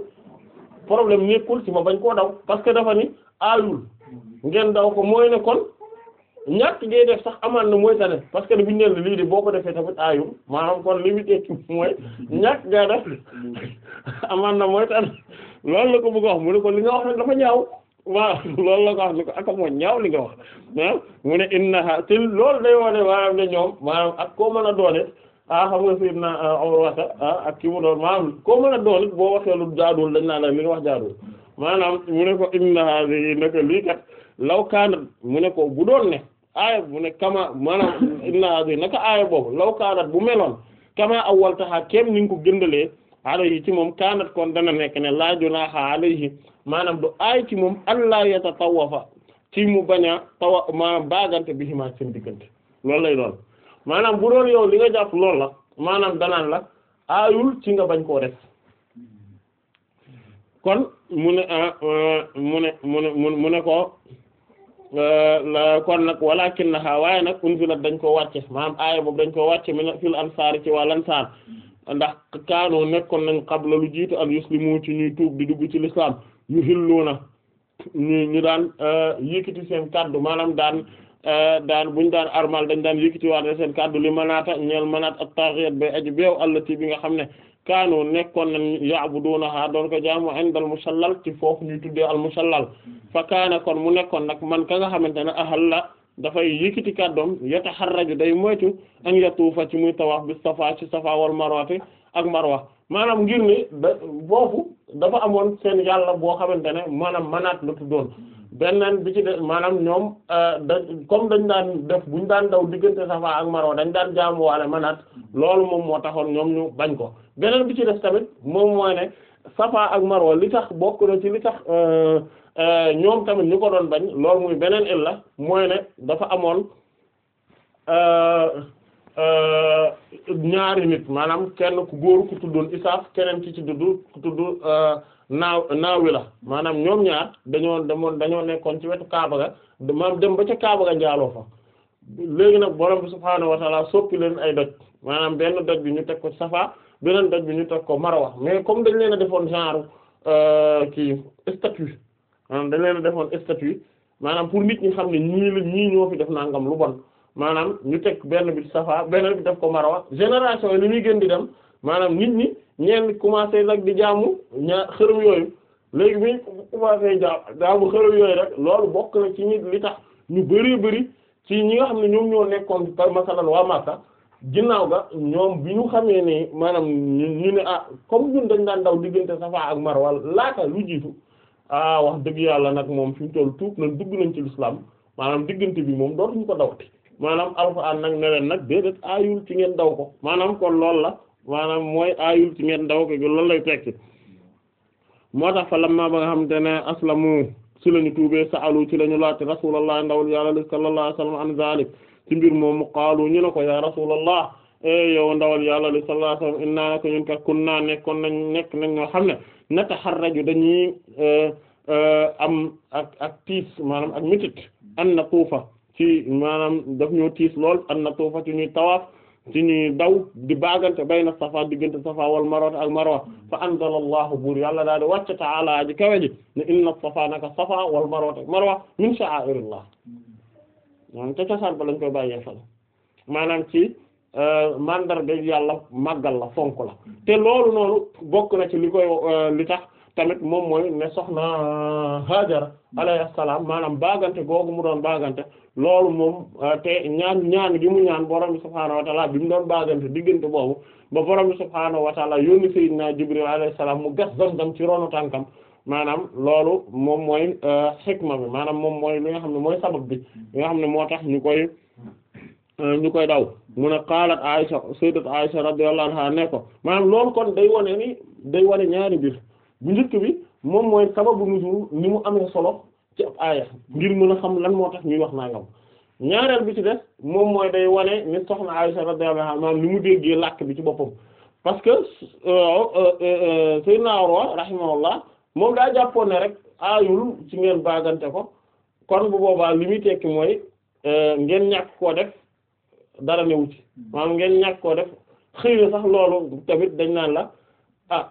problème nekkul ci ma bañ koo daw parce que dafa ni aayul ngeen daw ko mooy ne kon ñàkk ngay def sax amaan na mooy tane parce que buñu neen lii de boo ko defee tamit aayul maanaam kon li muy tekki mooy ñàkk ngay def amaan na mooy tane loolu la ko bëgg wax mu ne kon li nga wax nag dama ñaaw waaw loolu la ko wax ni ko aka moo ñaaw li nga wax ah mu ne innaha te loolu day wone maanaam ne ñoom maanaam ak koo mën a doone ah xam nga sayyidna Urwata ah, ah ak ki mu doon maanaam koo mën a doon boo waxee lu jaaduwul dañ naa la li nga wax jaaduwul maanaam mu ne ko inna haadihi naka lii kat law kaanat mu ne ko bu doon ne aaya mu ne kama maanaam <laughs> inna haadihi naka aaya boobu law kaanat bu meloon kama awwaltahaa kem ni nga ko gëndalee yi ci moom kaanat kon dana nekk ne laa junaaha alayhi maanaam du aay ci moom allaa yatatawwafa ci mu bañ a tawa maanaam baagante bi himaa seen diggante loolu lay doon maanaam bu doon yow li nga jàpp lool la maanaam danaan la aayul ci nga bañ koo def kon mu ne ah, ah, mu ne mu ne mu ne ko ah, kon nag walaakinnahaa waaye nag unzilat dañ koo wàcce maanaam aaya boobu dañ koo wàcce min fil ansaar ci waa lansaar ndax kaanoo nekkoon nañ qabla lu jiitu al yuslimu ci ñuy tuub di dugg ci lislaam yu xilluuna ñu ñu daan yëkkati seen kàddu maanaam daan Eh, daan ñu daan armal dañ daan yëkkatiwaat seen kàddu li manaata ñeel manaat ak taaxiyat bay aji beew allati bi nga xam ne kaanu nekkoon nañ ya'budunaha doon ko jaamu indal musallal ci foofu ñuy tuddee al musallal fa kaana mu nekkoon nag man ka nga xamante ne ahal la dafay yëkkati kàddoom yataharraju day moytu an yatuufa ci muy tawaaf bi safa ci safa wal marwati ak marwa maanaam ngir ne da foofu dafa amoon seen yàlla boo xamante ne maanaam manaat la tuddoon benneen bi ci de maanaam ñoom euh, da comme dañ daan def ñu daan daw diggante Safa ak Marwa dañ daan jaamuwaale Manaat loolu moom moo taxoon ñoom ñu bañ ko beneen bi ci des tamit moom mooy ne Safa ak Marwa li tax bokk na ci li tax euh, euh, ñoom tamit ñu ko doon bañ loolu muy beneen illa mooy ne dafa amoon ñaari nit maanaam kenn ku góor ku tuddoon Isaaf keneen ki ci tuddu ku naaw naaw wi la maanaam ñoom ñaar dañoo demoon dañoo nekkoon ci wetu Kaaba ga maam dem ba ca Kaaba ga njaaloo fa léegi nag borom bi subhaanahu wa taala soppi leen ay doj maanaam benn doj bi ñu teg ko safaa beneen doj bi ñu teg ko mara wax mais comme dañ leen a defoon genre euh, kii statue maanaam leen defoon statue maanaam pour nit ñi xam ne ñii la ñii ñoo fi def nangam lu bon maanaam ñu teg benn bi Safa beneen bi def ko Marwa génération yi li muy gën di dem maanaam nit ñi. ñenn commencé nag di jaamu ña xërëm yooyu léegi bi ñu commencé jaam jaamu xërëm yooyu rek loolu bokk na ci ñi li tax ñu bari bëri ci ñi nga xam ne ñoom ñoo nekkoon par masalan waa Makka ginnaaw ga ñoom bi ñu xamee ne maanaam ñu ne ah comme ñun dañ daan daw diggante Safa ak mar Marwa laata lu jiitu ah wax dëgg yàlla nag moom fi mu toll tuub nañ dugg nañ ci l'islam maanaam diggante bi moom dootuñu ko daw maanaam alxuraan nag ne leen nag déedéet aayul ci ngeen daw ko maanaam kon loolu la maanaam mooy ayul ci met ndaw ko gi lay tekki moo tax fa lamma ba nga xamante ne aslamu ci lañu tuubee sa'alu ci lañu laajte rasulullah ndawul yàlla sallallahu alayhi wa sallam an zalik ci mbir moomu qaalu ñu ne ko ya rasulullah e eh, yow ndawal yàlla li sallallahu alayhi wa sallam innaa nako nekk nañ ñoo xam ne nataxarraju xar eh, eh, am ak ak tiis maanaam ak métit an na tuufa ci maanaam daf ñoo tiis lool an na tuufa ci ñuy tawaaf ci ñuy daw di bagante bay na safa diggante safa wal marwa ak marwa fa anzala allahu buur yàlla daal di wàcc ta'ala ji kawe ji ne inna safa naka safa wal marwa ak marwa min sha'airillah maanaam ca lañ koy bàyyee fa maanaam ci euh, mandarga yàlla màggal la fonk la te loolu noonu bokk na ci li koy euh, li tax tamit moom mooy ne soxna Hajar alayhi salaam maanaam baagante googu mu doon baagante loolu moom ah, te ñaan ñaan gi mu ñaan borom bi subhaanahu wa taala bi mu doon baagante diggante boobu ba borom bi subhaanahu wa taala yónni Jibril alayhi salaam mu gas Zamzam ci ronu tànkam maanaam loolu moom mooy ah, ma bi maanaam moom mooy li nga xam ne mooy sabab bi li nga xam ne moo tax ñu koy ah, ñu koy daw mu ne qaalat Aisha sayyidat Aisha radiyallahu anha ne ko maanaam loolu kon day wane ni day wane ñaari mbir bu njëkk bi moom mooy sababu nuzul ni mu amee solo ci ab aaya ngir mun a xam lan moo tax ñuy wax nangam ñaareel bi ci des moom mooy day wane ni soxna Aysa radiyallahu anha maanaam li mu déggee làkk bi ci boppam parce que euh, euh, euh, Seydina Urwa rahimahullah moom daa jàppoon ne rek aayul ci ngeen baagante ko kon bu boobaa li muy tekki mooy ngeen ñàkk koo def dara newu ci maanaam ngeen ñàkk koo def xëy na sax loolu tamit dañ naan la ah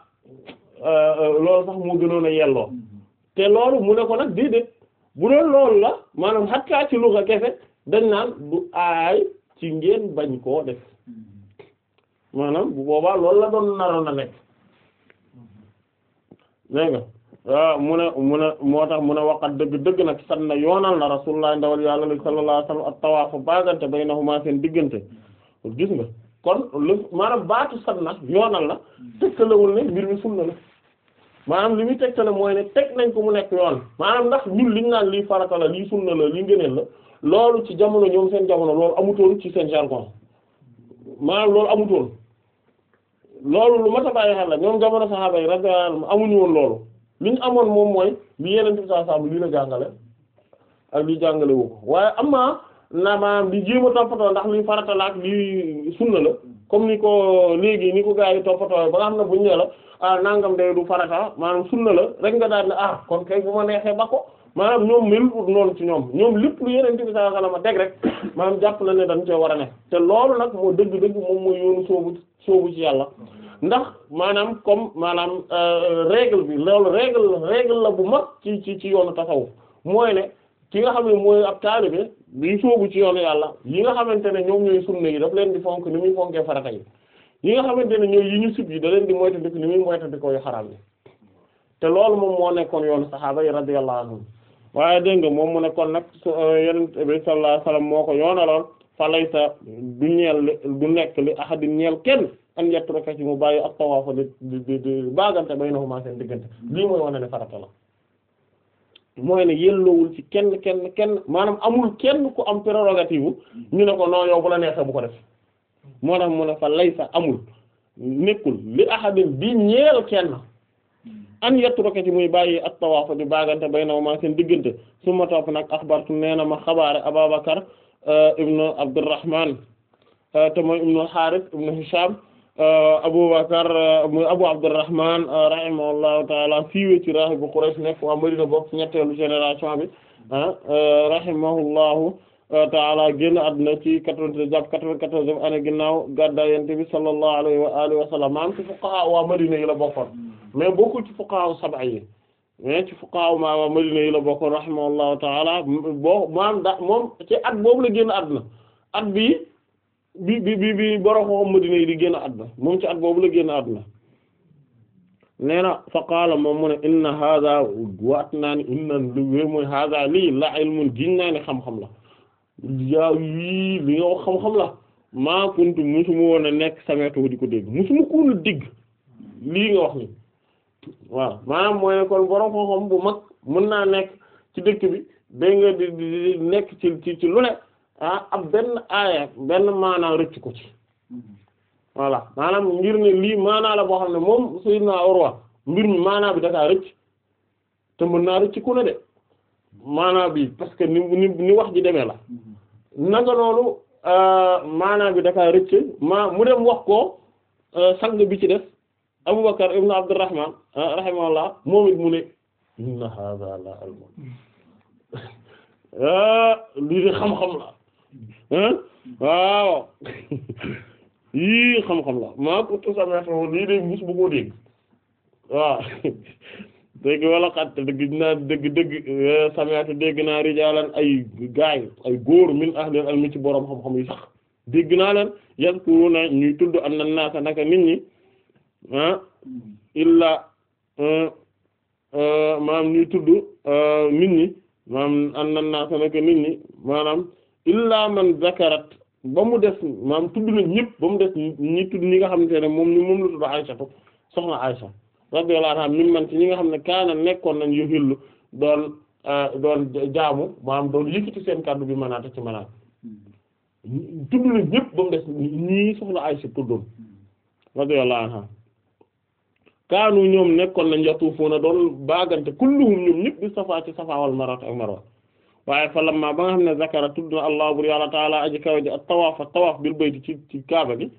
loolu sax moo gënoon a yelloo mm-hmm. te loolu mu ne ko nag déedéet bu doon loolu la maanaam xattaa ci luga kese dañ naan du aay ci ngeen bañ koo def maanaam bu boobaa loolu la doon naroon a nekk dégg nga ah, mu ne mu ne moo tax mu ne waqat dëgg dëgg nag san na yoonal na rasulullah ndawal yàlla la sallallahu alayhi wasallam at-tawaafu baagante baynahuma seen diggante gis nga kon lu maanaam baatu san na yoonal la tëkkalewul ne mbir mi sunna la maanaam li muy tegtale mooy ne teg nañ ko mu nekk yoon maanaam ndax ñun liñ naan lii farata la lii sunna la lii ngëneel la loolu ci jamono ñoom seen jamono loolu amutoon ci seen jargon maanaam loolu amutoon loolu lu mat a bàyyi xel la ñoom jamono saxaaba yi radiyallahu anhum amuñu woon loolu li ñu amoon moom mooy li yeneen bi saa saabu lii la jàngale ak li jàngale wu ko waaye am naa maanaam di jéem a toppatoo ndax lii farata la ak lii sunna la comme ni ko léegi ni ko gars yi toppatoo ba nga xam ne ñu nee la ah nangam day du farata maanaam sunna la rek nga daal ne ah kon kay bu ma neexee ba ko maanaam ñoom mel noonu ci ñoom ñoom lépp lu yeneen bi sallallahu alayhi wasallam deg rek <coughs> maanaam jàpp na ne dañ cee war a ne te loolu nag moo dëgg-dëgg moom mooy yoonu soobu soobu ci yàlla ndax maanaam comme maanaam euh, règle bi loolu règle règle la bu mag ci ci ci yoonu tasawuf mooy ne ki nga xam ne mooy ab taalibe bi sóobu ci yoon yàlla yi nga xamante ne ñoom ñooy sunna yi daf leen di fonk ni muy fonkee farata yi yi nga xamante ne ñooy yi ñu sib yi da leen di moytandiku ni muy moytandiku yu xaraam yi te loolu moom moo nekkoon yoonu saxaaba yi radiyallahu anhum waaye dégg nga moom mu nekkoon nag euh, yonent bi sallallahu alayhi wasallam moo ko yoonaloon fa laysa du ñeel du nekk li ahadin ñeel kenn an yettu rek ci mu bàyyi ak tawaafa di di di baagante bay na seen diggante lii mooy wane ne farata la mooy ne yelloowul ci kenn kenn kenn maanaam amul kenn ku am prérogative mm. ñu ne ko non yow bu neexee bu ko def moo tax mu ne fa lay amul nekkul li ahadin bi ñeel kenn mm. an yettu roket yi muy bàyyi ak tawaafa di baagante bay naw ma seen diggante su ma topp nag axbartu nee na ma xabaare Ababakar euh, ibnu Abdurrahman euh, te mooy ibnu Harith ibnu Euh, Aboubacar euh, Abou Abdurrahman euh, rahimahullahu taala siiwee ci rahibu Quraysh nekk waa Madina bokk ci ñetteelu génération bi ah rahimahullahu taala génn àdduna ci quatre-vingt-treize jàpp quatre-vingt-quatorze année ginnaaw gàddaay Yonent bi sallallahu alayhi wa alihi wa sallam maanaam ci fuqaha waa Madina yi la bokkoon mais bokkul ci fuqaha sab'a yi mais ci fuqaha waa Madina yi la bokkoon rahimahullahu taala boo maanaam da moom ci at boobu la génn àdduna bi bi bi bi bi borom xam Madina yi di génn àdduna moom ci at boobu la génn àdduna nee na fa qaala moom mu ne inna hada waat naa ni inna lu wér mooy hada lii la ilmun giñ naa xam-xam la yaaw yii li nga wax xam-xam la maa kuntu musuma woon a nekk sameetoo di ko dégg musuma ko woon a dégg lii nga wax ni waaw maanaam mooy ne kon borom xam-xam bu mag mën naa nekk ci dëkk bi day nga di nekk ci ci lu ne ah ab benn aaya benn maanaa rëcc ko ci voilà maanaam ngir ne lii maanaa la boo xam ne moom Sayyidna Urwa mbir mi maanaa bi dakaa rëcc te mën naa rëcc ku ne de maanaa bi parce que ni ni ni wax ji demee la nanga noonu euh, maanaa bi dakaa rëcc ma mu dem wax ko euh, sang bi ci def Abubakar ibn Abdurrahman euh, rahimahullah moom it mu ne <laughs> lii de xam-xam la waaw yii xam-xam la maa ko tos amee xam lii de mus bu ko dégg waaw dégg wala xat dëgg naa dëgg dëgg eh, sami'tu dégg naa rijaalan ay gaay ay góor min ahlil ilmi ci borom xam-xam yi sax dégg naa leen yazkuruna ñuy tudd am na naasa naka nit ñi ah illaa eh, eh, maam ñuy tudd nit ñi maam am na naasa nit ñi maanaam illaa man zakarat ba mu des maam tudd na ñëpp ba mu des ñi tudd ñi nga xamante ne moom ni moom la tudd Aysa soxna Aysa nga xam ne kaana nekkoon nañ yu xillu doon euh, doon jaamu maam doon yëkkati seen kàddu bi manaata ci manaat tudd na ñëpp ba mu des ñii soxna Aysa tuddoon radiyallahu anha kaanu ñoom nekkoon nañ yatuufuuna doon baagante kulluhum ñoom ñëpp di safaa ci safaa wal marwa ak marwa waaye fa lamma ba nga xam ne zakara tudd na allah bur yàlla taala aji kaw ji ak tawaaf ak tawaaf bil bayti ci ci kaaba gi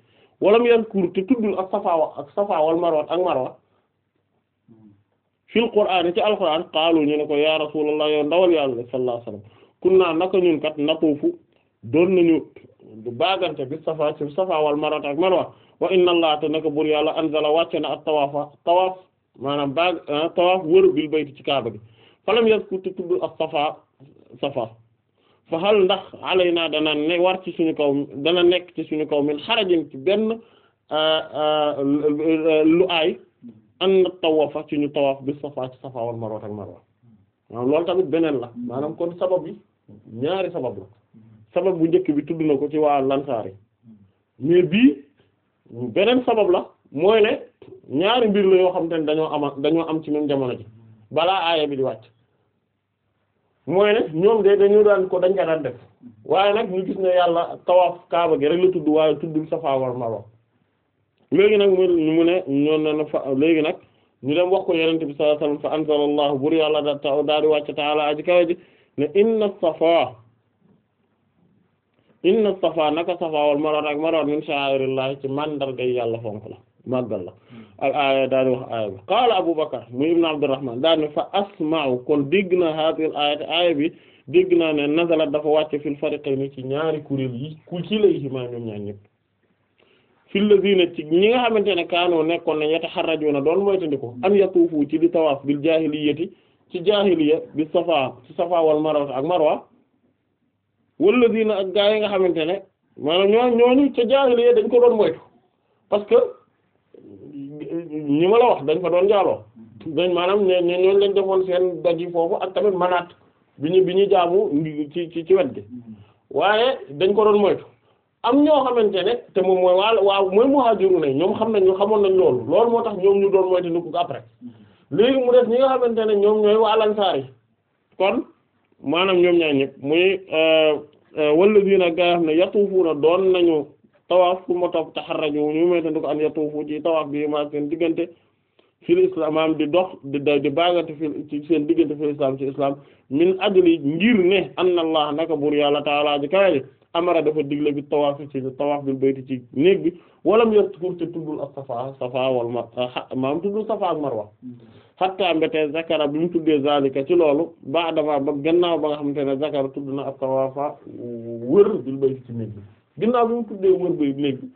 walam yankur te tuddul ak safa wax ak safa wal marwa ak marwa fil qur'aan ci alqur'aan qaalu ñu ko ya rasulullah yow ndawal yàlla sallallahu alayhi wasallam kunna naka ñun kat natuufu doon nañu du baagante bi safa ci safa wal marwa ak marwa wa inna allah te naka bur yàlla anzala wàcce na ak tawaafa tawaaf maanaam baag ah, tawaaf wër bil bayti ci kaaba safar fa xal ndax alay naa dana ne war ci suñu kaw dana nekk ci suñu kaw min xarajin ci benn euh, euh, lu aay an tawafa ci ñu tawaaf bi safa ci safa wal marwa ak marwa maanaam loolu tamit beneen la maanaam kon sabab yi ñaari sabab la sabab bu njëkk bi tudd na ko ci waa lansaar yi mais bii beneen sabab la mooy ne ñaari mbir la yoo xam te ne dañoo am dañoo am ci même jamono ji balaa aaya bi di wàcc mooy ne ñoom de dañu daan ko dañ ka daan def mm-hmm. waaye nag ñu gis ne yàlla tawaaf kaaba gi rek la tudd waaye tudd Safaa wal Marwa léegi nag mu ne ñoon na na fa léegi nag ñu dem wax ko yenente bi sallallahu fa anzalallahu bur yàlla da daa di wàcc taala aji kawe ji ne inna safa inna safa naka safa wal marwa ak marwa min sha'airillahi ci mandargay yàlla fonk la màggal la al aaya daa di wax aaya bi qaala Abu Bakar muy ibn Abdurrahman daa ne fa asma'u kon dégg naa haadihil aaya te aaya bi dégg naa ne nazalat dafa wàcce fil fariqayni ci ñaari kuréel yi ku ci lay himaa ñoom ñaar ñëpp fil lazina ci ñi nga xamante ne kaanoo nekkoon nañ yataharrajuna doon moytandiku an yatuufu ci di tawaaf bil jaahiliyati ci jaahiliya bi safa ci safa wal marwa ak marwa wal lazina ak gaa yi nga xamante ne maanaam ñoo ñooñu ca jaahiliya dañ ko doon moytu ñi ma la wax dañ fa doon jaaloo mm-hmm. dañ maanaam ne ne lañ defoon seen doj yi ak tamit manaat bi ñu bi ñu jaamu ci ci ci wet gi mm-hmm. waaye dañ ko doon moytu am ñoo xamante ne te moom mooy waa waaw mooy muhaajiru ne ñoom xam nañ ñu xamoon nañ loolu loolu moo tax ñoom ñu doon moytu ni ko après mm-hmm. léegi mu ñi nga xamante ne ñoom ñooy waa Ansaar yi maanaam ñoom ñaar ñëpp muy euh, euh, walla bii nag gaa xam ne yatuufu na doon nañu tawaaf pour ma topp taxarraju ñu moytandi ko an yatuufu ci tawaaf bi ma seen diggante fil islam maam di dox di di baagante fi ci seen diggante fil islam ci islaam min ajli ngir ne anna allah naka buur yàlla taalaa ji kawe ji amara dafa digle bi tawaaf ci tawaaf bil bayti ci néeg bi walam yaskur te tuddul ak safa safa wal marwa ah maam tuddul safa ak marwa hatta mbete zakara bi mu tuddee zalika ci loolu ba adama ba gannaaw ba nga xamante ne zakara tudd na ak tawaafa wër bil bayti ci ginnaaw bi mu tuddee wër bëy léegi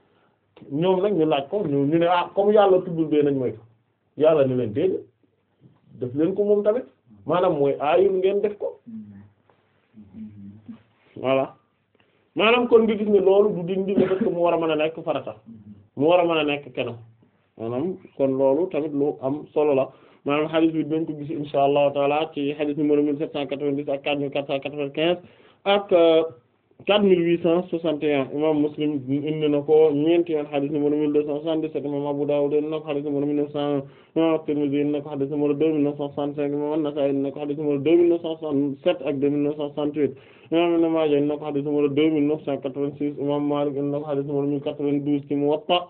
ñoom nag ñu laaj ko ñu ñu ne ah comme yàlla tuddul bee nañ mooy yàlla ni leen déedéet def leen ko moom tamit maanaam mooy aayul ngeen def ko voilà maanaam kon nga gis ne loolu du dindi la parce que mu war a mën a nekk farata mu war a mën a nekk kenam maanaam kon loolu tamit lu am solo la maanaam xadis bi dinañ ko gis insha allahu taala ci xadis numéro mille sept cent quatre-vingt-dix ak quatre mille quatre cent quatre-vingt-quinze euh, quatre mille huit cent soixante et un imam Muslim indi na ko ñeenti yoon xadis numéro mille deux cent soixante-dix-sept imam Abu Dawud indi na ko xadis numéro mille neuf cent imam Tirmidhi indi na ko xadis numéro deux mille neuf cent soixante-cinq imam An-Nasa'i indi na ko xadis numéro deux mille neuf cent soixante-sept ak deux mille neuf cent soixante-huit imam Ibn Maaja indi na ko xadis numéro deux mille neuf cent quatre-vingt-six imam Malik indi na ko xadis numéro mille quatre-vingt-douze ci Muwatta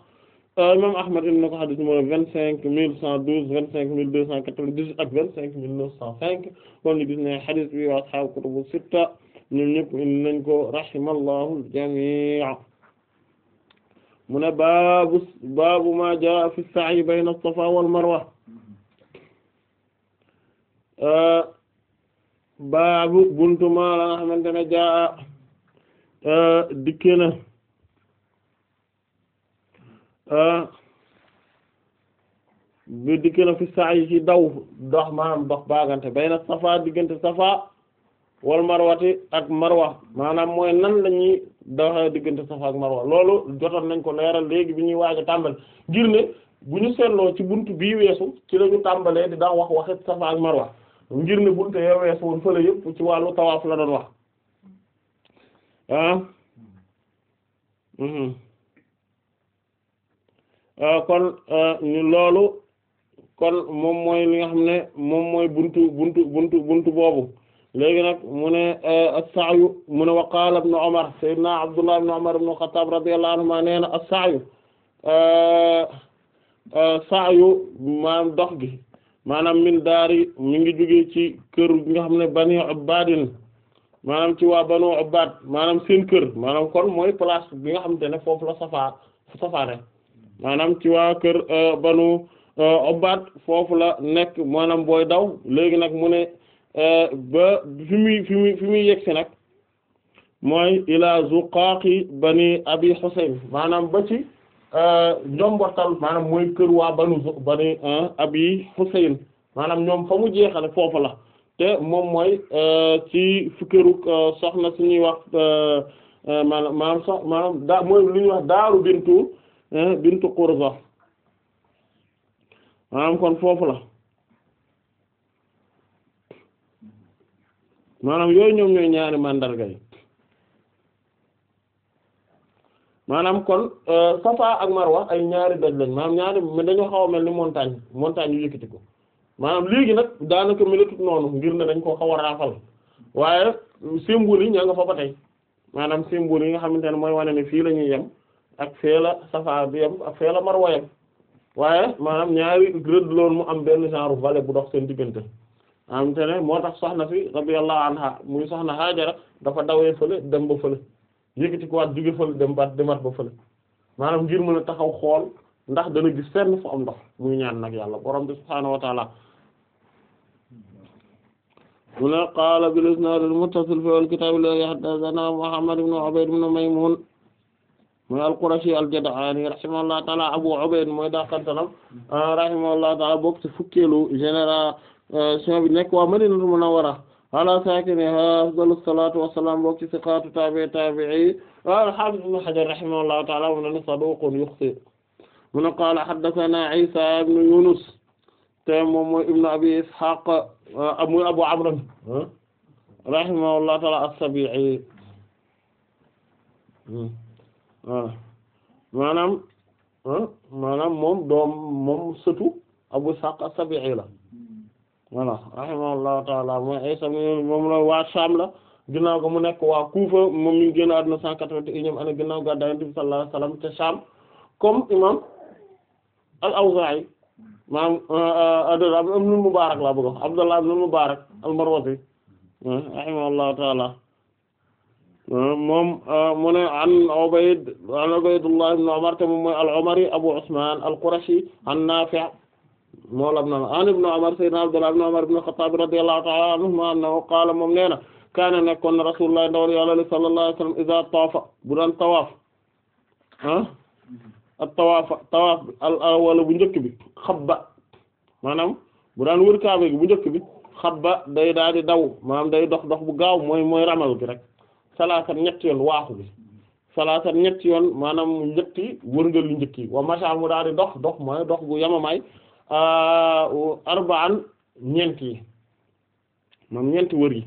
euh, imam Ahmad indi na ko xadis numéro vingt-cinq mille cent douze vingt-cinq mille deux cent quatre-vingt-dix-huit ak vingt-cinq mille neuf cent cinq kon ñu gis ne xadis bi wa ashaabu kutubu sitta ñun ñëpp ko rahimallahu al-jamii mu ne baabu baabu ma jaa fi as-sa'yi bayna as-safa wal marwa euh, baabu buntu ma la nga xamante jaa euh, dikke na euh, dikke na fi as ci daw dox maanaam dox baagante bayna as-safa diggante safa wal marwati ak marwa maanaam mooy nan la ñuy doxee diggante safa ak marwa loolu jotoon nañ ko leeral léegi bi ñuy waaj a tàmbali ngir bu ñu seetloo ci bunt bii weesu ci la ñu tàmbalee di daa wax waxit safa ak marwa ngir ne bunt ya weesu woon yëpp ci wàllu tawaaf la doon wax ah. Mm-hmm. Ah, kon ah, loolu kon moom mooy li nga xam ne moom mooy bunt bunt bunt buntu boobu léegi nag mu ne eh, as-sa'yu mu ne wa qaala ibn Umar sayyidina Abdullah ibn Umar ibn Khattab radiyallahu anhuma nee na as-sa'yu eh, eh, sa'yu maanaam dox gi maanaam min daari mi ngi jógee ci kër gi nga xam ne Bani Ubbadin maanaam ci waa Banu Ubbad maanaam seen kër maanaam kon mooy place bi nga xamante ne foofu la safaa safaare maanaam ci waa kër Banu Ubbad foofu la nekk maanaam booy daw léegi nag mu ne Euh, ba fi muy fi muy fi muy yegsi nag mooy ila zuqaaqi bani abi husayn maanaam ba ci euh, njombortal maanaam mooy kër waa banu bani euh, abi husayn maanaam ñoom fa mu jeexale foofu la te moom mooy ci fi këru soxna su ñuy wax maanaam maanaam sox mooy lu ñuy wax daaru bintu bintu qurza maanaam kon foofu la maanaam yooyu ñoom ñooy ñaari mandarga yi maanaam kon euh, safa ak marwa ay ñaari doj lañ maanaam ñaari mais dañoo xaw a mel ni montagne montagne yu yëkkati ko maanaam léegi nag daanaka melatut noonu ngir ne dañ koo xaw a raafal waaye symbole yi ña nga fa maanaam symbole yi nga xamante ne mooy wane ne fii lañuy ñuy yem ak fee la safa yem ak fee la marwa yem waaye maanaam ñaari rëdd loolu mu am benn genre vallée bu dox seen diggante am te moo tax soxna fi radiyallahu anha muy soxna Haajara dafa dawee fële dem ba fële yëkkati ko waat jóge fële dem baat demaat ba fële maanaam ngir mën a taxaw xool ndax dana gis fenn fu am ndox muy ñaan nag yàlla borom bi subhaanahu wa mu ne qaala bil isnaad al muttasil fi al kitaab alladhi haddathana Muhammad ibn Ubayd ibn Maymun mooy al-Qurashi al-Jad'ani rahimahullahu taala Abu Ubayd mooy daa kantanam rahimahullahu taala bokk ci sion bi nekk waa Madinatul Munawwara ala saakinihaa afdalu salaatu wa salaam bokk ci siqaatu taabi'i taabi'i al-Haafiz ibn Hajar rahimahullahu ta'aala mu ne saduuqun yuxti' mu ne qaala haddathanaa Iisaa ibn Yunus te moom mooy ibn Abi Ishaaq ah, muy Abu Amr ah, rahimahullahu ta'aala as-Sabii'i hmm, ah, maanaam maanaam moom doom moom sëtu Abu Ishaaq as-Sabii'i la voilà rahimahullahu taala mooy ay waa Sham la ginnaaw ga mu nekk waa Kufa moom ñu génn àdduna cent quatre-vingt-unième année ga Yonent bi sallallahu alayhi wa comme imam al-Awza'i maam euh, euh, Abdullah ibn Mubarak laa bëgg Abdullah ibn Mubarak al-Marwazi rahimahullahu taala moom euh, mu ne an Ubayd an Ubaydullah ibn Umar te moom mooy al-Umari Abu Usman al-Qurashi an Nafi' mawla ibn an ibn Umar sayyidina Abdullah ibn Umar ibn Khattab radiyallahu ta'ala anhuma annahu qaala moom nee na kaana nekkoon na Rasulullah ndawal Yàlla sallallahu alayhi wasallam iza taafa bu daan tawaaf ah ak tawaafa tawaaf al awwal bu njëkk bi xabba maanaam bu daan wër kaaba gi bu njëkk bi xabba day daal di daw maanaam day dox dox bu gaaw mooy mooy ramal bi rek salaasat ñetti yoon waaxu bi salaasat ñetti yoon maanaam ñetti wërngël yu njëkk yi wa macha mu daal di dox dox mooy dox bu yamamaay arba'an ñeent yi moom ñeenti wër yi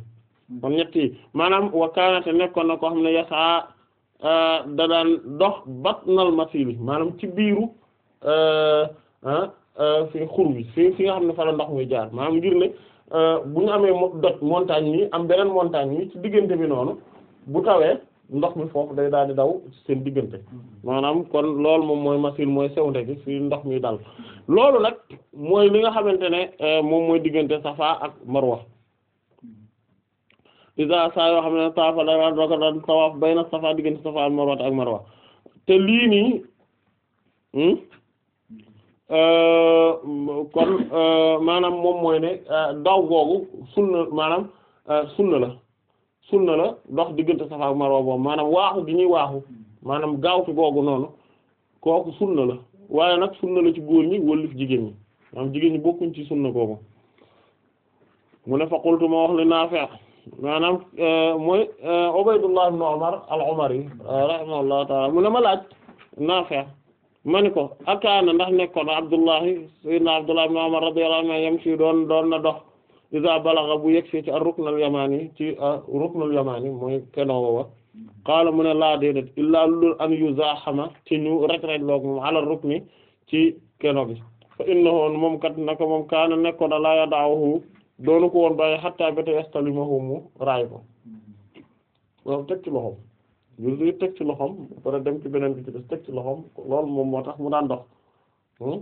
kon ñett maanaam wa kaanate nekkoon na ko xam ne yasaa euh, da daan dox batnal masili maanaam ci biiru euh, ah, euh, fi xur bi fi fi nga xam ne fa la ndox muy jaar maanaam ngir ne bu ñu amee doj montagne yi am beneen montagne yi ci diggante mi noonu bu tawee ndox mi foofu day daal di daw seen diggante maanaam kon loolu moom mooy masil mooy sewnde gi fi ndox mi daal loolu nag mooy li nga xamante ne eh, moom mooy diggante safa ak marwa isa saa yoo xam ne taafa da raka daan tawaaf bay na safa diggante safa ak marwa ak marwa te lii nii hmm? eh, kon eh, maanaam moom mooy ne daw googu sunna maanaam sunna la sunna la dox diggante Safa ak Marwa maanaam waaxu gi ñuy waaxu maanaam gaawtu googu noonu kooku sunna la waaye nag sunna la ci góor ñi wëllif jigéen ñi maanaam jigéen ñi bokkuñ ci sunna googu mu ne fa qultu ma wax li Naafi' maanaam euh, mooy euh, Ubaydullah ibn Umar al-Umari euh, rahimahullahu ta'ala mu ne ma laaj Naafi' ma ni ko akaana ndax nekkoon Abdullahi sayyidina Abdullahi ibn Umar radiyallahu anhu yamshi doon doon na dox iza balagha bu yegsee ci ar-ruknul yamani ci ar-ruknul ah, yamani mooy kenoo wa qaala mu ne laa déedéet illaa lul an yuzaahama ci ñu rek rek loog moom ala rukni ci keno bi fa innahu moom kat naka moom kaana nekkoon laa yada'uhu doonu ko woon bàyyi hatta ba yastalimahu mu raay ko loolu teg ci loxoom jur teg ci loxoom ba pare dem ci beneen bi moom moo tax mu daan dox hmm?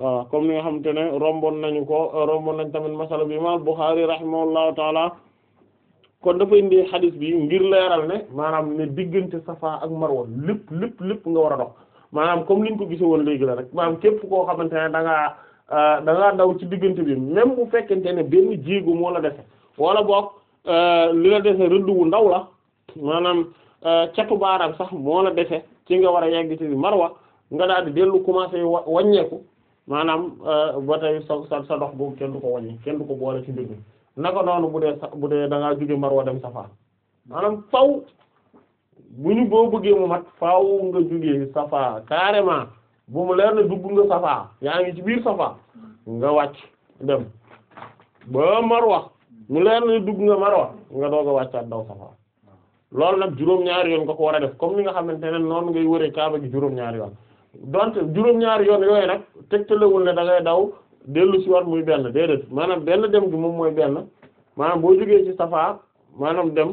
waaw comme ni nga xamante ne romboon nañu ko romboon nañ tamit masala bi imam Bukhari rahimahullahu taala kon dafa indi xadis bi ngir leeral ne maanaam ne diggante Safa ak Marwa lépp lépp lépp nga war a dox maanaam comme liñ ko gise woon léegi la rek maanaam képp koo xamante ne da ngaa euh, da ngaa daw ci diggante bi même bu fekkente ne benn jéego moo la defe wala boog euh, li la dese rëdd wu ndaw la maanaam euh, catu baaraam sax moo la dese ci nga war a yegg ci Marwa nga daal di dellu commencé wàññeeku maanaam euh, ba tey sa sa sa dox boobu kenn du ko wàññi kenn du ko boole ci mbir mi naka noonu bu dee bu dee da ngaa jóge Marwa dem Safa maanaam faw bu ñu boo bëggee mu mat faaw nga jógee Safa carrément bu mu leer na dugg nga Safa yaa ngi ci biir Safa nga wàcc dem ba Marwa mu leer na dugg nga Marwa nga doog a wàccaat daw Safa loolu nag juróom-ñaari yoon nga ko war a def comme ni nga xamante ne noonu ngay wëree Kaaba gi juróom-ñaari yoon. donte juróom-ñaari yoon yooyu nag tegtalewul ne da daw dellu si waat muy benn déedéet maanaam benn dem gi moom mooy benn maanaam boo jógee ci safa maanaam dem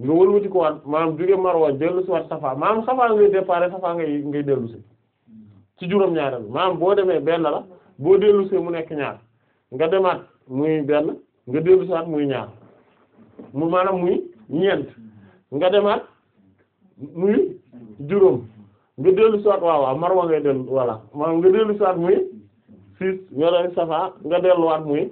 nga wëlwati ko waat maanaam jóge marwa dellu si waat safa maam safa ngay départ safa ngay ngay dellu si ci juróom-ñaari bi boo demee benn la boo dellu see mu nekk ñaar nga demaat muy benn nga dellu si waat muy ñaar mu maanaam muy ñeent nga demaat muy juróom nga dellu soit waaw waaw marwa ngay dellu voilà maanaam nga dellu soit muy six wala safa nga delluwaat muy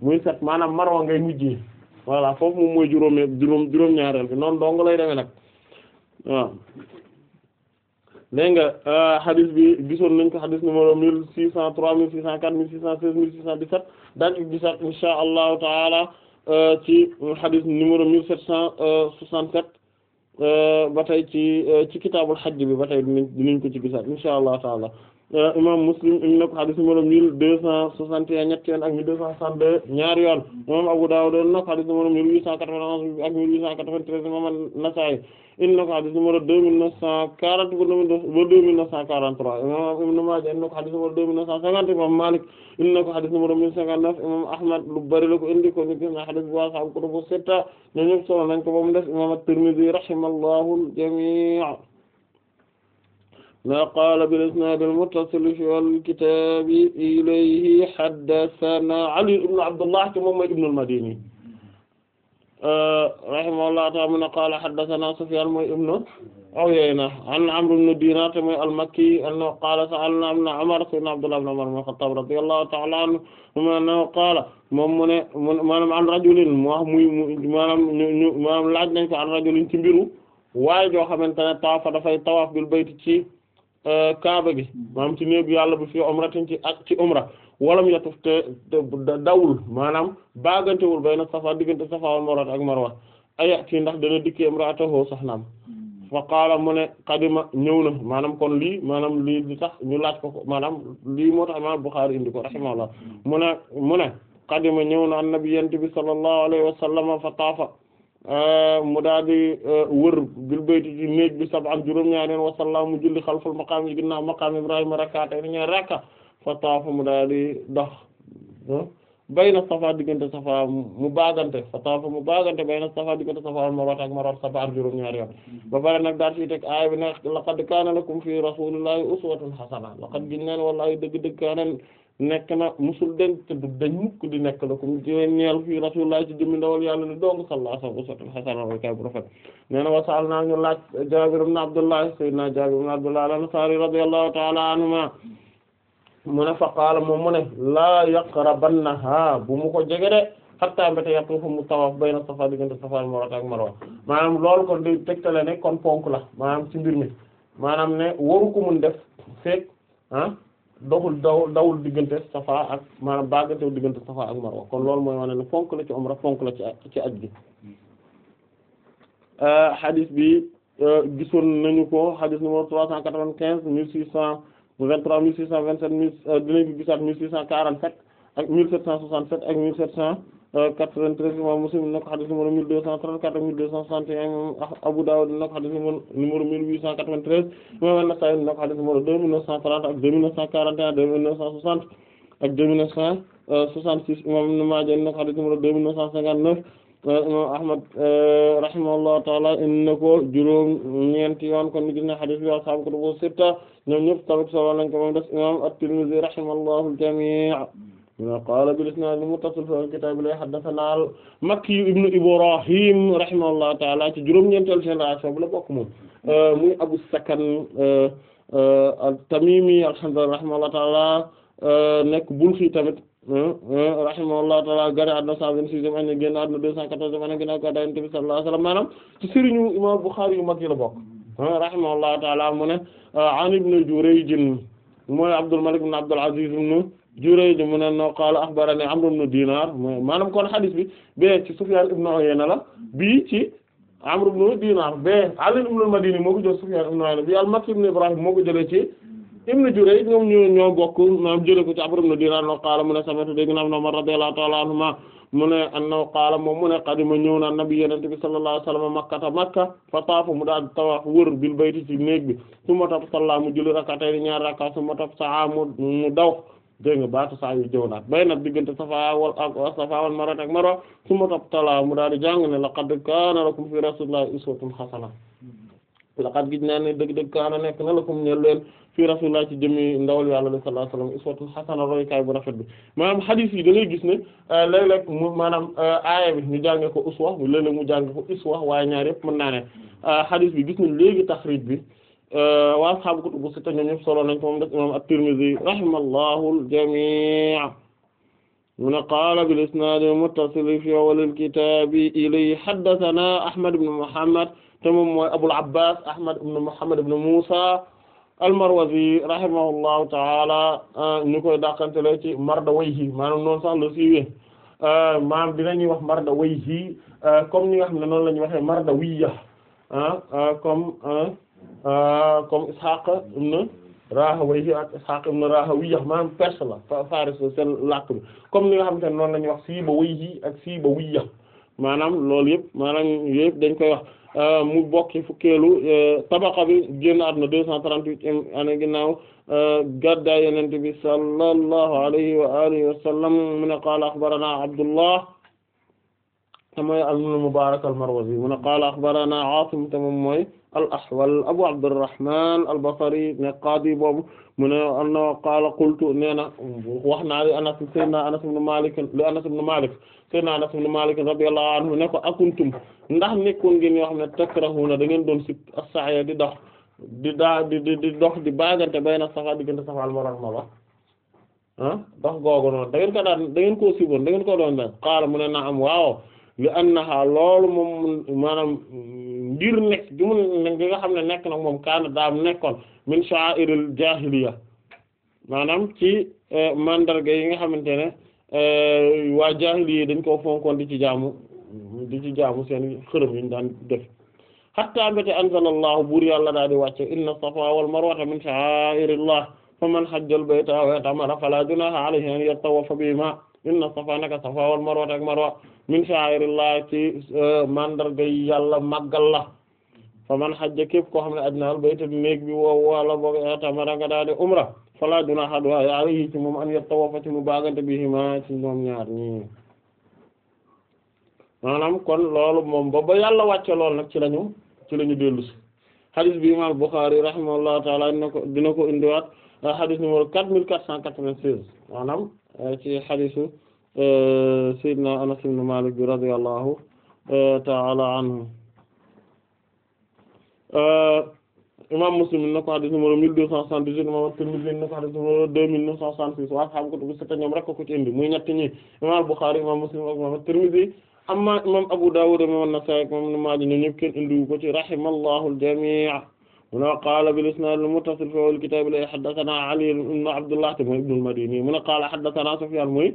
muy sept maanaam marwa ngay mujjee voilà foofu moom mooy juróomee juróom juróom-ñaareel bi noonu dong lay demee nag waaw dégg nga xadis euh, bi gisoon nañ ko xadis numéro mille six cent trois mille six cent quatre mille six cent seize mille six cent dix-sept daañ ko gisaat insha allahu taala euh, ci xadis numéro mille sept cent euh, soixante-sept Euh, ba tey ci euh, ci kitaabul xajj bi ba tey dinañ dinañ ko ci gisaat insha allah taala Euh, imam Muslim indi na ko xadis numéro mille deux cent soixante et un ñetti yoon ak mille deux cent soixante-deux ñaari yoon imam Abu Dawud indi ko xadis numéro mille huit cent quatre-vingt-onze ak mille huit cent quatre-vingt-treize imam An-Nasa'i indi ko xadis numéro deux mille neuf cent quarante trois imam Ibn Maaja indi ko xadis numéro deux mille neuf cent cinquante imam Malik indi na ko xadis numéro mille cinquante-neuf imam Ahmad lu ko indi ko ñu gis na xadis bu ma qaala bil isnaad al muttasil fil kitaab ilayhi haddasanaa Ali ibn Abdullah te moom mooy ibn al Madini rahimahullahu ta'aala mu ne qaala haddasanaa Sufyaan mooy ibn Uyayna an Amr ibn Diinaar te mooy al Makki annahu qaala sa'alnaa ibn Umar sayyidinaa Abdullah ibn Umar ibn al-Khattaab radiyallahu ta'aala anhu annahu qaala moom mu ne maanaam an rajulin mu muy maanaam ñu maanaam laaj nañ ko an rajulin ci mbiru waaye joo xamante ne taafa dafay tawaaf bil bayt ci Euh, kaaba gi maanaam ci néegu yàlla bi fi umratin ci ak ci umra walam yatuf te dawul maanaam baagantewul bayna safa diggante safa wal marwa ak marwa ayati ndax dana dikkee imra'atuhu soxnaam fa qaala mu ne qadima ñëw na maanaam kon lii maanaam lii li tax ñu laaj ko maanaam lii moo tax imaam Bukhari indi ko rahimahullah mu ne mu ne qadima ñëw na annabi yent bi sallallahu alayhi wa fa taafa Euh, mu daal di euh, wër bil bayti ci néeg bi sab'an juróom-ñaari yoon wa salla mu julli xalfal maqaam yi ginnaaw maqaam Ibrahima rak'atayn ñaari rakka fa taafa mu daal di dox bayna safa diggante safa mu baagante fa taafa mu baagante bayna safa diggante safa marwa ak marwa sab'an juróom-ñaari yoon ba pare nag daal ci teg aaya bi nag laqad kaana lakum fi rasulillahi uswatun hasana laqad gin neen wallahi dëgg-dëgg kaaneen nekk na musul den te du dañ mukk di nekk la comme ñeel fii rasulullah ci jëmmi ndawal yàlla ni dong sallallahu alayhi wa sallam xasanawal kay bu rafet nee na wasaal naa ñu laaj Jaabir ibn Abdullah sayyidina Jaabir ibn Abdullah al-Ansari radiyallahu ta'ala anhuma mu ne fa qaala moom mu ne laa yaqrabannaha bu mu ko jege de hatta mbéte yatuufa mu tawaaf bay na diggante safa marwa ak marwa maanaam loolu kon di tegtale ne kon ponk la maanaam ci mbir mi maanaam ne waru ko mun def fekk ah, doxul daw dawul diggante safa ak maanaam bàggantewul diggante safa ak marwa kon lool mooy wane ne fonk la ci umra fonk la ci ci aj euh, bi xadis euh, bi gisoon nañu ko xadis numéro trois cent quatre-vingt-quinze mille six cent vingt-trois euh, mille six cent quarante-sept ak mille sept cent soixante-sept ak mille sept cent 93 imam Muslim na ko xadis numéro 1234 1261 imam Abu Dawud na ko xadis numéro numéro 1893 imam An-Nasa'i na ko xadis numéro 2930 ak 2941 2960 ak 2966 euh, imam Ibn Maaja na ko xadis numéro 2959 euh, imam Ahmad euh, rahimahullahu taala in na ko juróom ñeenti yoon kon gis na xadis bi ashaabu kutubu sitta ñoom ñëpp tamit solo lañ ko moom des imam At-Tirmidhi rahimahullahu al-jami' qaala bil isnaad al muttasil fil kitaab la haddathanaa al Makki ibnu Ibraahiim rahimahullahu ta'aala ci juróom-ñeenteelu génération bi la bokk moom euh, muy Abu Sakan euh, euh, at-Tamiimi alhamdulillah rahimahullahu ta'aala nekk Balkhi tamit rahimahullahu ta'aala gane àdduna cent vingt-sixième année génn àdduna deux cent quatorzième année ginnaaw gàddaay Yonent bi sallallahu alayhi wa sallam maanaam ci sëriñu imaam Buxaari yu mag yi la bokk rahimahullahu ta'aala mu ne an ibnu Jurayj mooy Abdul Malik ibn Abdul Aziz ibn Jurayj mu ne no qaala axbarani Amr ibn Dinar maanaam kon xadis bi bee ci Sufyaan ibn Uyayna la bii ci Amr ibn Dinar bee Ali ibn al-Madini moo ko jël Sufyaan ibn Uyayna bii al-Makki ibn Ibrahim moo ko jëlee ci ibn Jurayj ñoom ñoo ñoo bokk maanaam jëlee ko ci Amr ibn Dinar no qaala mu ne sami'tu dégg naa Umar radiyallahu ta'ala anhuma mu ne annahu qaala moom mu ne qadima ñëw na nabi yenente bi sallallahu alayhi wa bi su ma tap salla mu julli rakatay ñaar ma saa mu dégg nga baatu saa yu jëw naat bay nag diggante safa wal ak safa wal marwa ak marwa su ma topp talaa mu daal di jàng ne laqad kaana lakum fi rasulillahi uswatun hasana laqad gi naan ne dëgg-dëgg kaana nekk na lakum ñeel leen fi rasulillahi ci jëmmi ndawal yàlla sallallahu alayhi wasallam uswatun hasana roykaay bu rafet bi maanaam hadith yi da ngay gis ne euh, léeg-léeg mu maanaam euh, aaya bi ñu jànge ko uswa léeg-léeg mu jànge ko iswa waaye ñaar yëpp mën naa ne hadith euh, bi gis nañ léegi taxriij bi Euh, wa ashaabu kutubu sitta ñoom ñëpp solo nañ ko moom des imam at-Tirmidhi rahimallahu al-jami' mu ne qaala bil isnaad al-muttasil fi awwal al-kitaab ilayhi haddathana Ahmad ibn Muhammad te moom mooy Abul Abbas Ahmad ibn Muhammad ibn Musa al-Marwazi rahimahullahu ta'ala ñu koy dàqantele ci Mardawayhi maanaam noonu sax la siiwee euh, maanaam dinañuy wax Mardawayhi euh, comme ni nga xam ne noonu la ñuy waxee Mardawiyya ah, comme Euh, comme Ishaq ibn Rahawayhi ak Ishaq ibn Rahawayh maanaam perse la faris seen làkk bi comme li nga xamante ne noonu la ñuy wax Sibawayhi ak Sibawiyya maanaam loolu yëpp maanaam yëpp dañ koy wax euh, mu bokki fukkeelu euh, tabaqa bi génn àdduna deux cent trente-huit année ginnaaw gaddaa yonent bi sallallahu alayhi wa alihi mu ne qaala axbarana Abdullah te mooy al-Mubaarak al-Marwazi mu ne qaala axbarana Aasim te moom mooy al ahwal abu abdurrahman al basri ne qaadi boobu mu ne anna qaala qultu nee na wax naa li anas sayyidina anas ibn malik li anas ibn malik sayyidina anas ibn malik radiyallahu anhu ne ko akuntum ndax nekkoon ngeen yoo xam ne takrahuna da ngeen doon si as-sa'ya di dox di daa di di di dox di baagante bayna safa diggante safa al marwa ah dox googu noonu da ngeen ko daan da ngeen koo siboon da ngeen ko doon daan qaala mu ne na am waaw li annaha loolu moom maanaam ngir nekk gi mu nekk nga xam ne nekk na moom kaana daam nekkoon min sha'iril jaahiliya maanaam ci eh, mandarga yi nga xamante ne eh, waa jaahiliya dañ koo fonkoon di ci jaamu di ci jaamu seen xërëm yi ñu daan def hatta mbéte anzalallahu buur yàlla daal di wàcce inna safa wal marwata min sha'airillah faman hajjal bayta wa tamara fala junaha alayhi an yatawafa bihima inna safa naka safa wal marwata ak marwa min sha'airillah ci euh, mandarga yi yàlla màggal la fa man xajja képp koo xam ne ajnaal bayta ba néeg bi woow wala boog tamara nga daal di umra fala junaha alayhi ci moom an yatawafa ci mu bagante bi hima ci ñoom ñaar ñi maanaam kon loolu moom ba ba yàlla wàcce lool nag ci lañu ci lañu dellu si bi imam Bukhari rahimahullahu taala dina ko dina ko indiwaat hadis numéro quatre mille quatre cent quatre-vingt-seize maanaam euh, ci hadisu Seydina Anas ibn Malik bi radiyallahu ta'ala anhu imam Muslim na ko hadith numéro mille deux cent soixante-dix-huit imam At-Tirmidhi na ko hadith numéro deux mille neuf cent soixante-six waa xam ko bu setta ñoom rek ko ci indi muy ñett ñi imam Al-Bukhari imam Muslim ak imam At-Tirmidhi amma imam Abu Dawud imam An-Nasa'i ak imam Ibn Maaja ñoom ñëpp kenn indiwu ko ci rahimallahu al-jami' mu ne qaala bil-isnaad al-muttasil fi awwal kitaab li haddathanaa Ali ibn Abdullah te mooy ibn al-Madini mu ne qaala haddathanaa Sufyaan mooy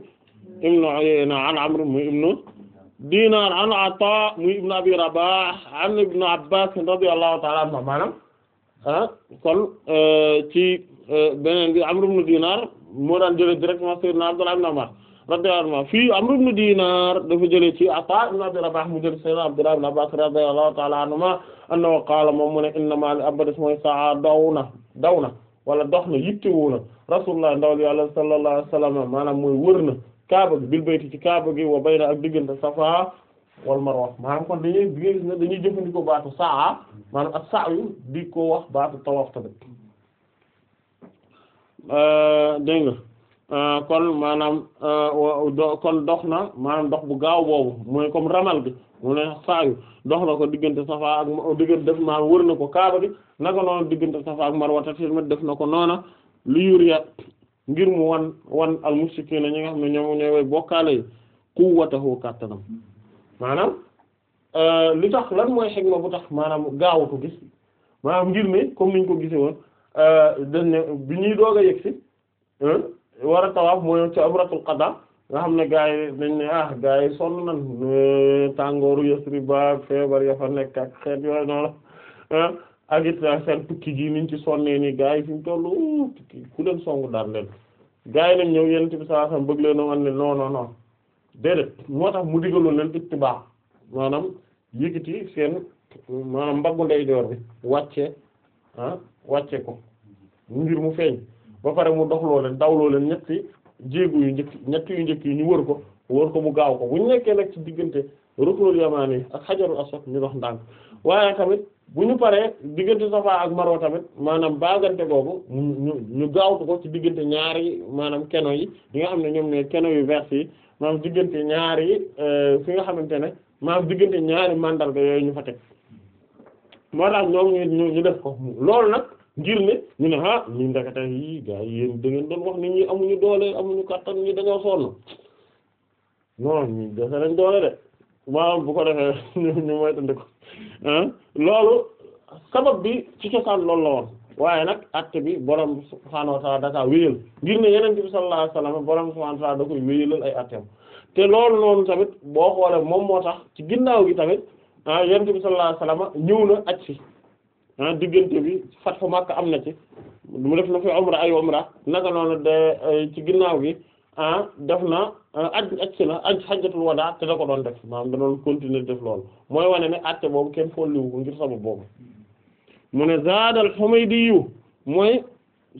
ibnu Uyayna an Amr muy ibnu Dinar an Ata muy ibnu Abi Rabah an ibnu Abbas radiyallahu ta'ala anhu maanaam ah kon e, ci e, beneen bi Amr ibnu Dinar moo daan jëlee directement sayyidina Abdullah ibn Umar radiyallahu anhu fii Amr ibn Dinar dafa jëlee ci Ata ibn Abi Rabah mu jël sayyidina Abdullah ibn Abbas radiyallahu ta'ala anhuma annahu qaala moom mu ne innamaa li-abadis mooy saa daw na daw na wala dox na yittewoo na Rasulullah ndaw yàlla sallallahu alayhi wa sallam maanaam mooy wër na kaaba gi bil bayti ci kaaba gi bay na ak diggante safa wal marwa maanaam kon dañuy dañuy gis ne dañuy di ko wax baatu euh, euh, kon maanaam euh, kon dox na maanaam dox bu gaaw boobu mooy comme ramal bi mu ne dox na ko diggante safa ak diggante def maanaam na ko kaaba gi naka noonu diggante safa ak marwa def na ko noona li yuriya ngir mu wan wan al mushrikina ñi nga xam ne ñoom ñooy way bokkaale yi quwwatahu kàttanam maanaam euh, li tax lan mooy xegma bu tax maanaam ko gis maanaam ngir ne comme niñ ko gisee woon euh, dañ ne bi ñuy doog a yegg si war a tawaaf mooy ci umratul qada nga xam ne gars yi dañ ne ah gars yi sonn euh, tàngooru Yasrib ba feebar ya fa nekk ak xeet yooyu noonu ak it seen tukki gi niñ ci sonnee nii gaa yi fi mu toll uh, tukki ku leen songu daan leen gaa yi nag ñëw yenent bi sallallahu alayhi wasallam leen a wan ne non non moo tax mu digaloon leen ittiba maanaam yëkkati seen maanaam mbaggu ndeyjoor bi wàcce ah wàcce ko ngir mu feeñ ba pare mu doxloo leen dawloo leen ñetti jéegu yu njëkk ñetti yu yi ñu wër ko wër ko mu gaaw ko bu ñu nekkee nag ci diggante ruknul yamaani ak xajarul aswad ñu dox ndànk waaye tamit bu ñu paree diggante Safa ak Marwa tamit maanaam baagante googu ñu ñu gaawtu ko ci diggante ñaari maanaam keno yi yi nga xam ne ñoom ne keno yu vert yi maanaam diggante ñaari euh, fi nga xamante ne maanaam diggante ñaari mandarga yooyu ñu fa teg moo tax ñoom ñu ñu def ko loolu nag ngir ne ñu ne ah ñu ndekete yi gaa yi yéen da wax ni ñi amuñu doole amuñu kàttan ñi dañoo sonn non ñu dese nañ doole de maanaam bu ko defee <laughs> ñu moytandi Hmm? loolu sabab bi ci cosaan loolu la woon waaye nag acte bi borom subhaanahu wa ta'ala daka wéyal ngir ne yeneen bi sallallahu alayhi wasallam borom subhaanahu da koy wéyalal ay actes te loolu noonu tamit boo xoolee moom moo tax ci ginnaaw gi tamit ah, yeneen bi sallallahu alayhi wasallam ñëw na aj si ah diggante bi fat fa Makka am na ci mu def na fi umra ay umra naka noonu de eh, ci ginnaaw gi ah def na. aj agsi na aj xajjatul wadaa te da ko doon def maanaam da doon continuer def loolu mooy wane ne atte boobu kenn folliwu ko ngir sabab boobu mu ne zaadal Humaydi yu mooy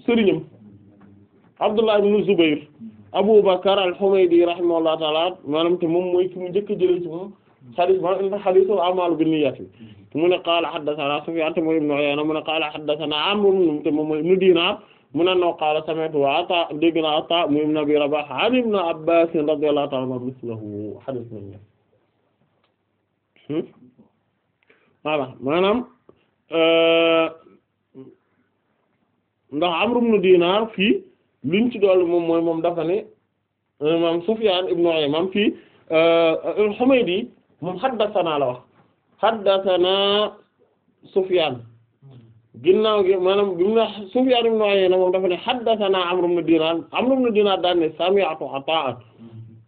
sëriñam Abdullah ibn Zubayr Abu Bakar al-Humaydi rahimahullah taala maanaam te moom mooy ki mu njëkk a jëlee ci moom xadis maanaam indi xadisul a'maalu binniyaat yi mu ne qaala haddathanaa Sufyaan te mooy ibn mu te moom mooy Dinaar mu ne noo qaala sami'tu Ataa dégg naa Ataa mu ibn Abi Rabaah an ibn Abbaas radiyallahu ta'ala anhu mislahu hadis nañ ne voilà maanaam euh, ndax Amr ibn Dinaar fii liñ ci dool moom mooy moom dafa ne maam Sufyaan ibn Uyayna fii euh, al-Humaydi moom haddasanaa la wax haddasanaa Sufyaan ginnaaw gi maanaam bi mu ne Sufyaan ibn Uyayna moom dafa ne haddasanaa Amr ibn Dinaar Amr ibn Dinaar daan ne sami'tu Ataa'an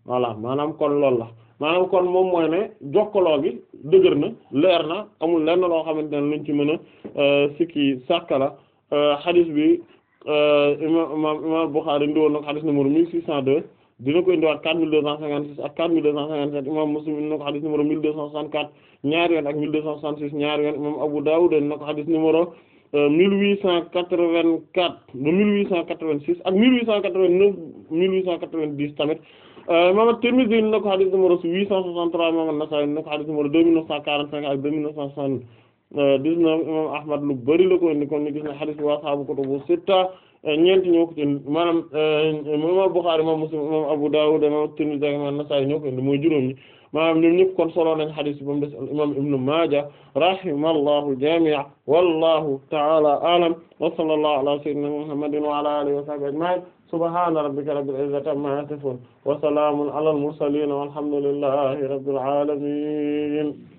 voilà maanaam kon lool la maanaam kon moom mooy ne jokkaloo gi dëgër na leer na amul lenn loo xamante ne luñ ci mën a euh, sikki sàkka la xadis euh, bi imaam euh, imaam Buxaari indi woon na ko xadis numéro 1602 dina ko indiwaat 4256 ak 4257 imaam Muslim indi na ko xadis numéro 1264 ñaari yoon ak 1266 ñaari yoon imaam Abu Dawud indi na ko xadis numéro. 1884 ba 1886 ak 1889 1890 tamit imam euh, At-Tirmidhi na ko hadith numéro 863 imam An-Nasa'i na ko hadith numéro 2945 ak 2979 imam Ahmad lu bari la ko indi kon ni gis na hadith wa ashabu kutubu sitta euh, ñeenti ñoo ko ci maanaam euh, Muslim imam Abu Dawud imam At-Tirmidhi imam An-Nasa'i maanaam ñoom ñëpp kon solo nañ xadis bi ba mu des al imam ibnu maaja rahimallahu al-jamii' wallahu ta'ala a'lam wa sallallahu ala sayyidina muhammadin wa ala alihi wa sahbihi ajma'in subhana rabbika rabbil izzati amma yasifun wa salamun ala al-mursalin walhamdulillahi rabbil alamin